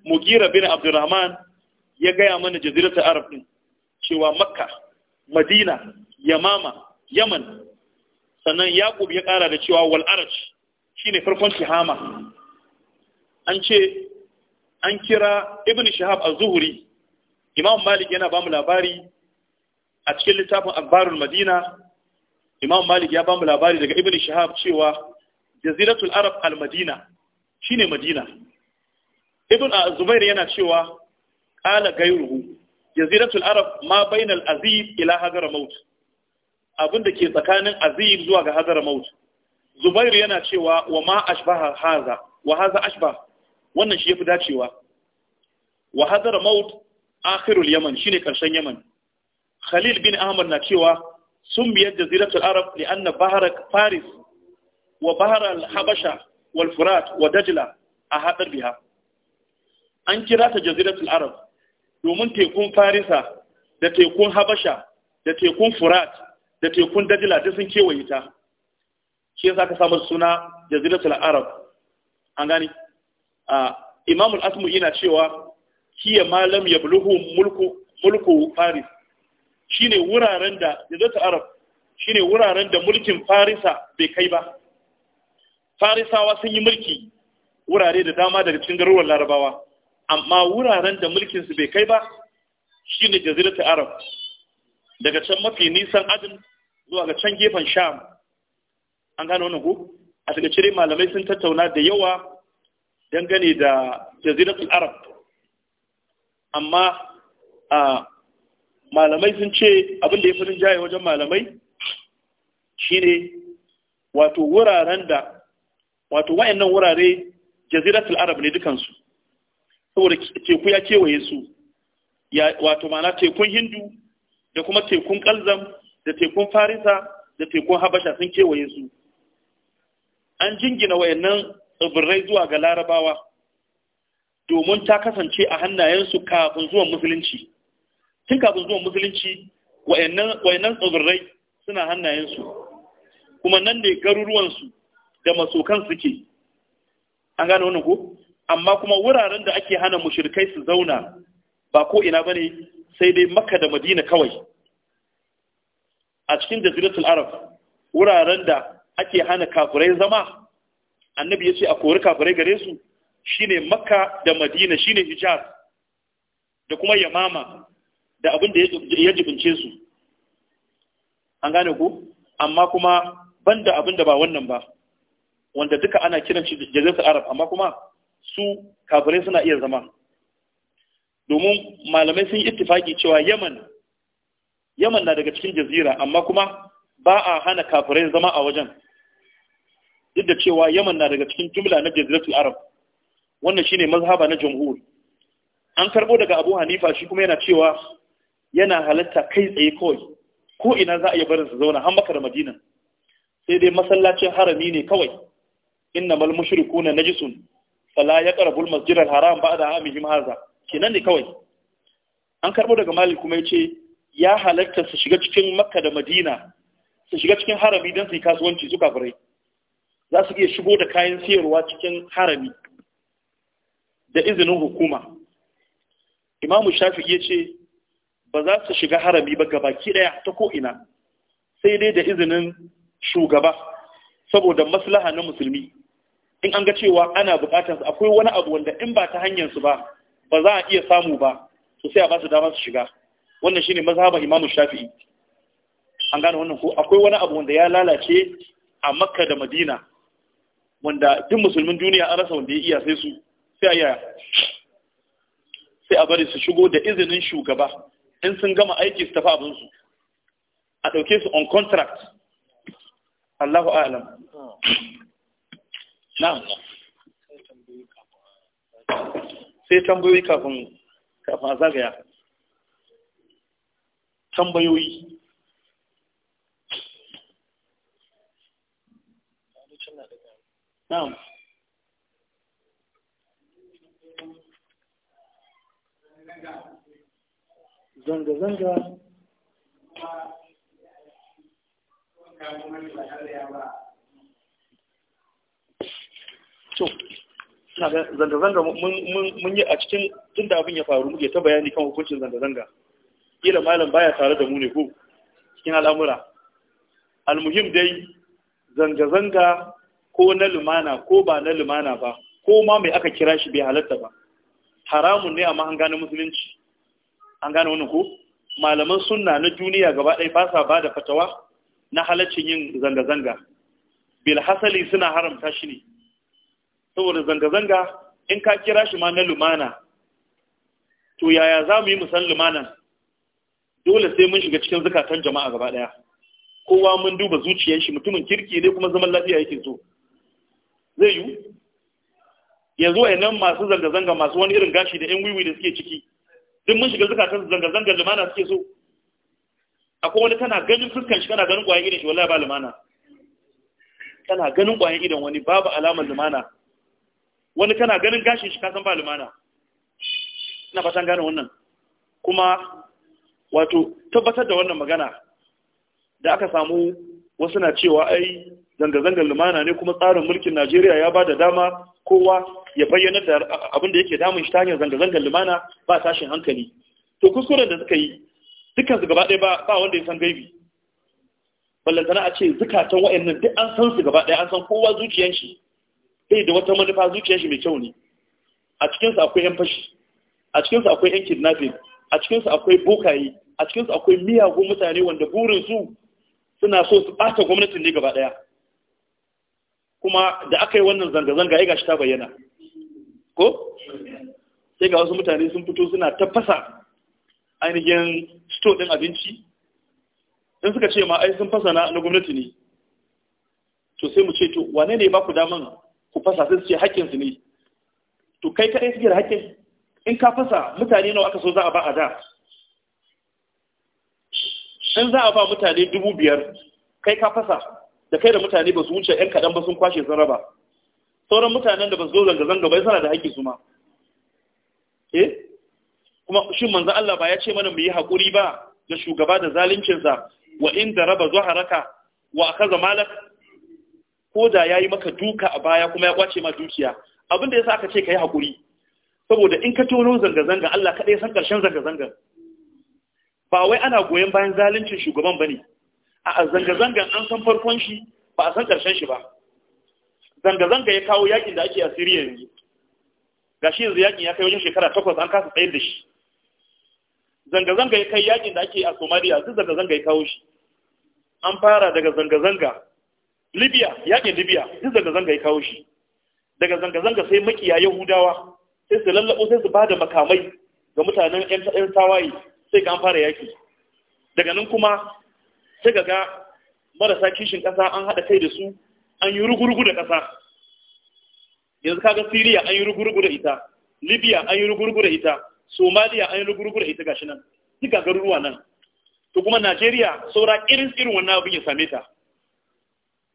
mugira bin abdurrahman ya gaya mana jaziratul arab din cewa makka madina yamama yaman sannan yaqub ya kara da cewa wal shine farkon tihama an ce an kira ibn Shihab az-zuhri imam malik yana ba mu labari a cikin littafin akbarul madina imam malik ya bamu labari daga ibn shahab cewa jaziratul arab al-madina shine madina ibn zubair yana cewa qala gairuhu jaziratul arab ma bainal azib ila hadar maut abinda ke tsakanin azib zuwa ga hadar maut zubair yana cewa wa ma ashbaha haza wa haza ashbah wannan shi yafi dacewa wa hadar maut akhirul yaman shine karshen yaman khalil bin ahmad na cewa sumbiyar jaziratul arab li anna bahar faris wa bahar al-habasha wal furat wa Dajila a hadar biha an kira ta jaziratul arab domin tekun farisa da tekun habasha da tekun furat da tekun dajla da sun kewaye ta shi yasa ka samu suna jaziratu arab an gani a imamul asmu yana cewa hiya malam yabluhu mulku mulku faris shine wuraren da jaziratu arab shine wuraren da mulkin farisa bai kai ba farisawa sun yi mulki wurare da dama daga cikin garuruwan larabawa amma wuraren da mulkinsu bai kai ba shine jaziratu arab daga can mafi nisan adin zuwa ga can gefen sham an gano wannan ko a daga cire malamai sun tattauna da yawa dangane da jaziratu arab amma a malamai sun ce abin da ya fi jaye wajen malamai shine wato wuraren da wato wayannan wurare jaziratul arab ne dukansu saboda teku ya kewaye su wato mana tekun hindu da kuma tekun kalzam da tekun farisa da tekun habasha sun kewaye su an jingina wayannan tsibirai zuwa ga larabawa domin ta kasance a hannayensu kafin zuwan musulunci tun kafin zuwan musulunci wayannan tsibirai suna hannayensu kuma nan ne garuruwansu da kansu suke an gane wani ko amma kuma wuraren da ake hana mushirkai su zauna ba ko ina ba ne sai dai makka da madina kawai a cikin jaziratul arab wuraren da ake hana kafirai zama annabi ya ce a kori kafirai gare su shine makka da madina shine hijaz da kuma yamama da abin da ya jibince su an gane ku amma kuma ban da abin da ba wannan ba wanda duka ana kiran shi jazirta arab amma kuma su kafirai suna iya zama domin malamai sun yi ittifaki cewa yaman yaman na daga cikin jazira amma kuma ba a hana kafirai zama a wajen duk da cewa yaman na daga cikin jumla na jazirta arab wannan shine mazhaba na jamhur an karbo daga abu hanifa shi kuma yana cewa yana halatta kai tsaye kawai ko ina za a iya barin su zauna har makar da madina sai dai masallacin harami ne kawai na mushrikuna najisun fala yaqrabu al-masjid al-haram ba'da amihim haza kenan ne kawai an karbo daga malik kuma yace ya halatta su shiga cikin makka da madina su shiga cikin harami dan su yi kasuwanci su kafirai za su iya shigo da kayan siyarwa cikin harami da izinin hukuma imamu shafi'i yace ba za su shiga harami ba gabaki ɗaya ta ko'ina sai dai da izinin shugaba saboda maslaha na musulmi in an ga cewa ana bukatar su akwai wani abu wanda in ba ta hanyar su ba ba za a iya samu ba to sai a ba su dama su shiga wannan shine mazhaban Imam Shafi'i an gane wannan ko akwai wani abu wanda ya lalace a Makka da Madina wanda duk musulmin duniya an rasa wanda ya iya sai su sai a bari su shigo da izinin shugaba in sun gama aiki su tafi abinsu a ɗauke su on contract Allahu alam na sai tambayoyi kafin kafin a zagaya tambayoyi na'am Yeah. zanga-zanga to zanga-zanga mun yi a cikin tun da abin ya faru muke ta bayani kan hukuncin zanga-zanga ƙila malam baya tare da mu ne ko cikin al'amura almuhim dai zanga-zanga ko na lumana ko ba na lumana ba ko ma mai aka kira shi bai halatta ba haramun ne a mahanga na musulunci an gane wannan ko malaman sunna na duniya gaba ɗaya ba sa ba da fatawa na halaccin yin zanga-zanga bil hasali suna haramta shi ne saboda zanga-zanga in ka kira shi ma na lumana to yaya za mu yi musan lumanan dole sai mun shiga cikin zukatan jama'a gaba ɗaya kowa mun duba zuciyar shi mutumin kirki ne kuma zaman lafiya yake so zai yi yanzu a nan masu zanga-zanga masu wani irin gashi da 'yan wiwi da suke ciki duk mun shiga zukatan zanga-zangar lumana suke so akwai wani tana ganin fuskan shi kana ganin ƙwayan idan shi wallahi ba lumana tana ganin ƙwayan idan wani babu alamar lumana wani tana ganin gashin shi kasan ba lumana ina fatan gane wannan kuma wato tabbatar da wannan magana da aka samu wasu na cewa ai zanga-zangar lumana ne kuma tsarin mulkin najeriya ya ba da dama kowa ya bayyana da abin da yake damun shi ta hanyar zanga-zangar lumana ba tashin hankali to kuskuren da suka yi dukkan su gaba ɗaya ba wanda ya san gaibi ballantana a ce zukatan wa'annan duk an san su gaba ɗaya an san kowa zuciyan shi sai da wata manufa zuciyan shi mai kyau ne a cikin su akwai yan fashi a cikin su akwai yan kidnapping a cikin su akwai bokaye a cikin su akwai miyagun mutane wanda burin su suna so su ɓata gwamnatin ne gaba ɗaya kuma da aka yi wannan zanga-zanga ya gashi ta bayyana ko sai ga wasu mutane sun fito suna tafasa ainihin sto ɗin abinci in suka ce ma ai sun fasa na gwamnati ne to sai mu ce to wane ne ba ku daman ku fasa sai su ce haƙƙinsu ne to kai kaɗai suke da haƙƙin in ka fasa mutane nawa aka so za a ba a da in za a ba mutane dubu biyar kai ka fasa da kai da mutane ba su wuce yan kaɗan ba sun kwashe sun raba sauran mutanen da ba su zo zanga-zanga bai sana da haƙƙi su ma eh kuma shin manzo Allah ba ya ce mana mu yi haƙuri ba ga shugaba da zaluncinsa wa inda raba zuharaka wa akaza malak ko da yayi maka duka a baya kuma ya kwace ma dukiya abin da yasa aka ce kai haƙuri saboda in ka tono zanga-zanga Allah kaɗai san ƙarshen zanga zanga ba wai ana goyon bayan zaluncin shugaban bane a zanga-zangan an san farkon shi ba a san ƙarshen shi ba zanga-zanga ya kawo yakin da ake a siriya yanzu ga shi yanzu yakin ya kai wajen shekara takwas an kasa tsayar da shi zanga-zanga ya kai yakin da ake a somaliya duk zanga-zanga ya kawo shi an fara daga zanga-zanga libya yakin libya duk zanga-zanga ya kawo shi daga zanga-zanga sai makiya yahudawa sai su lallaɓo sai su ba da makamai ga mutanen 'yan tawaye sai ga an fara yaki daga nan kuma sai ga marasa kishin ƙasa an haɗa kai da su an yi rugurugu da ƙasa yanzu kaga siriya an yi rugurugu da ita libya an yi rugurugu da ita somaliya an yi rugurugu da ita gashi nan ga garuruwa nan to kuma najeriya saura irin irin wannan abin ya same ta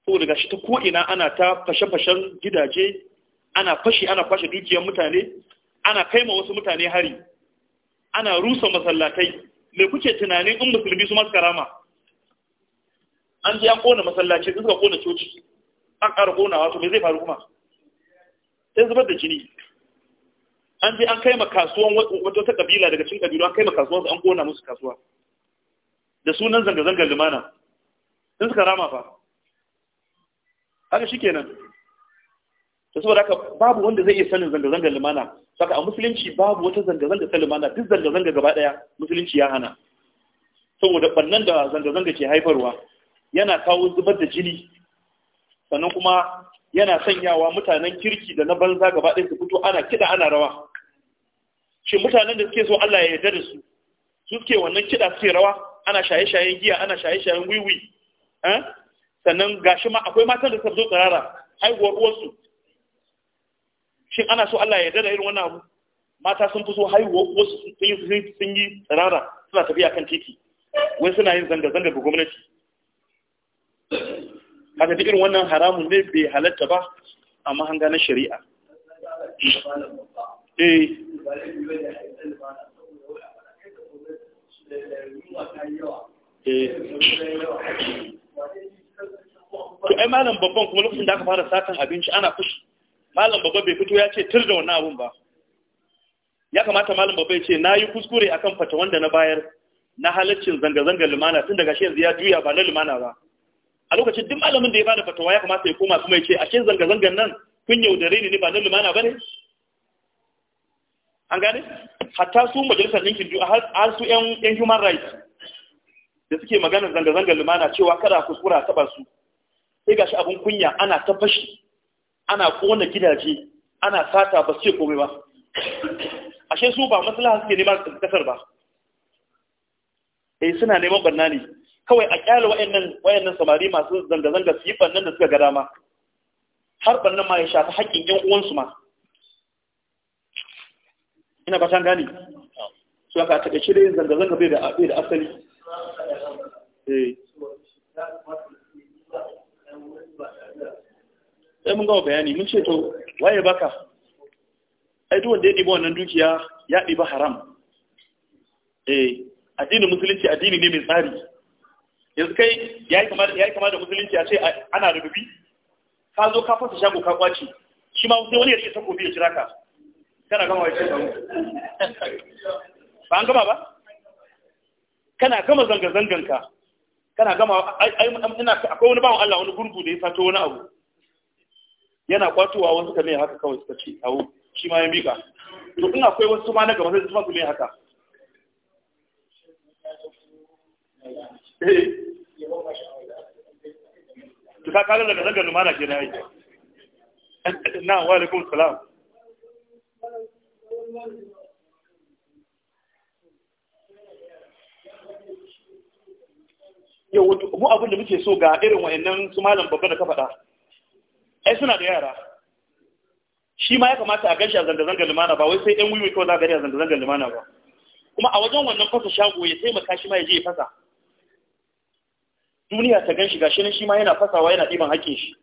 to daga shi ta ko'ina ana ta fashe-fashen gidaje ana fashi ana kwashe dukiyar mutane ana kai ma wasu mutane hari ana rusa masallatai me kuke tunanin in musulmi su masu karama an ji an kona masallaci sun suka kona coci an ƙara kona wato me zai faru kuma sai zubar da jini an je an kai ma kasuwan wata ta kabila daga cikin kabilu an kai ma kasuwan an kona musu kasuwa da sunan zanga-zangar limana sun suka rama fa haka shikenan to saboda haka babu wanda zai iya sanin zanga-zangar limana saka a musulunci babu wata zanga-zanga ta limana duk zanga-zanga gaba daya musulunci ya hana saboda bannan da zanga-zanga ke haifarwa yana kawo zubar da jini sannan kuma yana sanyawa mutanen kirki da na banza gaba ɗaya su fito ana kiɗa ana rawa shi mutanen da suke so Allah ya yarda da su su suke wannan kiɗa suke rawa ana shaye-shayen giya ana shaye-shayen wiwi eh? sannan gashi ma akwai matan da suka zo tsirara haihuwar uwarsu shin ana so Allah ya yarda da irin wannan abu mata sun fi so haihuwar uwarsu sun yi tsirara suna tafiya kan titi wai suna yin zanga-zanga ga gwamnati kaga duk wannan haramun ne bai halatta ba a mahanga na shari'a eh, eh. to ai malam babban kuma lokacin da aka fara satan abinci ana kushi malam babba bai fito ya ce tur da wannan abun ba ya kamata malam babba ya ce na yi kuskure akan fata wanda na bayar na halaccin zanga zanga lumana tun daga shi yanzu ya juya ba na lumana ba a lokacin duk malamin da ya bada fatawa ya kamata ya koma kuma ya ce a cikin zanga-zangan nan kun yaudare ni ne ba na lumana ba ne an gane hatta su majalisar ɗinkin ju har su yan human rights da suke magana zanga-zangar lumana cewa kada kuskura a taɓa su sai gashi abin kunya ana ta fashi ana kona gidaje ana sata ba su ce komai ba ashe su ba maslaha suke neman kasar ba eh suna neman barna ne kawai a kyale wayannan wayannan samari masu zanga-zanga su yi bannan da suka ga dama har bannan ma ya shafi haƙƙin ƴan uwansu ma ina fatan gani su aka taƙaice da yin zanga-zanga bai da bai da asali eh sai eh, mun gawa bayani mun ce to waye baka ai duk wanda ya ɗiba wannan dukiya ya ɗiba haram eh addinin musulunci addini ne mai tsari yanzu kai yayi yi yayi kama da musulunci a ce ana rububi ka zo ka fasa shago ka kwaci shi ma sai wani ya ce takobi ya jira ka kana gama wai ba an gama ba kana gama zanga zangan ka kana gama ina akwai wani bawon Allah wani gurgu da ya sato wani abu yana kwatowa wasu kame haka kawai suka ce awo shi ma ya miƙa to in akwai wasu ma na gaba sai su ma su ne haka to eh. ka kare daga zagar numana ke na yi na wa alaikum salam yau mu abin da muke so ga irin wa'annan su malam babba da ka faɗa ai suna da yara shi ma ya kamata a ganshi a zanga zanga lumana ba wai sai ɗan wiwi kawai za a gani a zanga zanga lumana ba kuma a wajen wannan fasa shago ya taimaka shi ma ya je ya fasa duniya ta gan shi ga shi shi ma yana fasawa yana ɗiban haƙƙin shi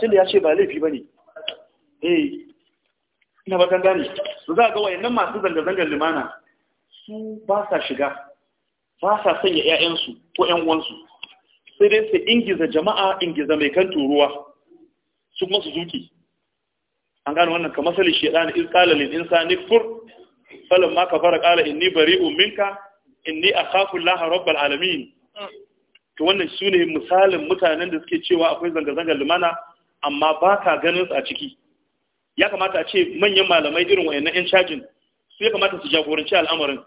tunda ya ce ba laifi ba ne eh ina ba kan gane su za a ga wayannan masu zanga-zangar limana su ba sa shiga ba sa sanya 'ya'yansu ko 'yan uwansu sai dai su ingiza jama'a ingiza mai kan turuwa su kuma su zuki an gane wannan kamar sali shedan in sa ma ka fara kufur in kafara bari inni in minka inni kafin laha rabbal alamin to wannan su ne misalin mutanen da suke cewa akwai zanga-zangar lumana amma ba ka ganin su a ciki ya kamata a ce manyan malamai irin wayannan 'yan cajin su ya kamata su jagoranci al'amarin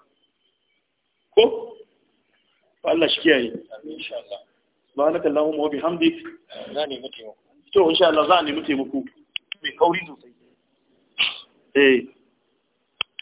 ko Allah shi kiyaye Ba allahumma wa bihamdik za ne mu taimako to insha Allah za a nemi taimako mai kauri sosai eh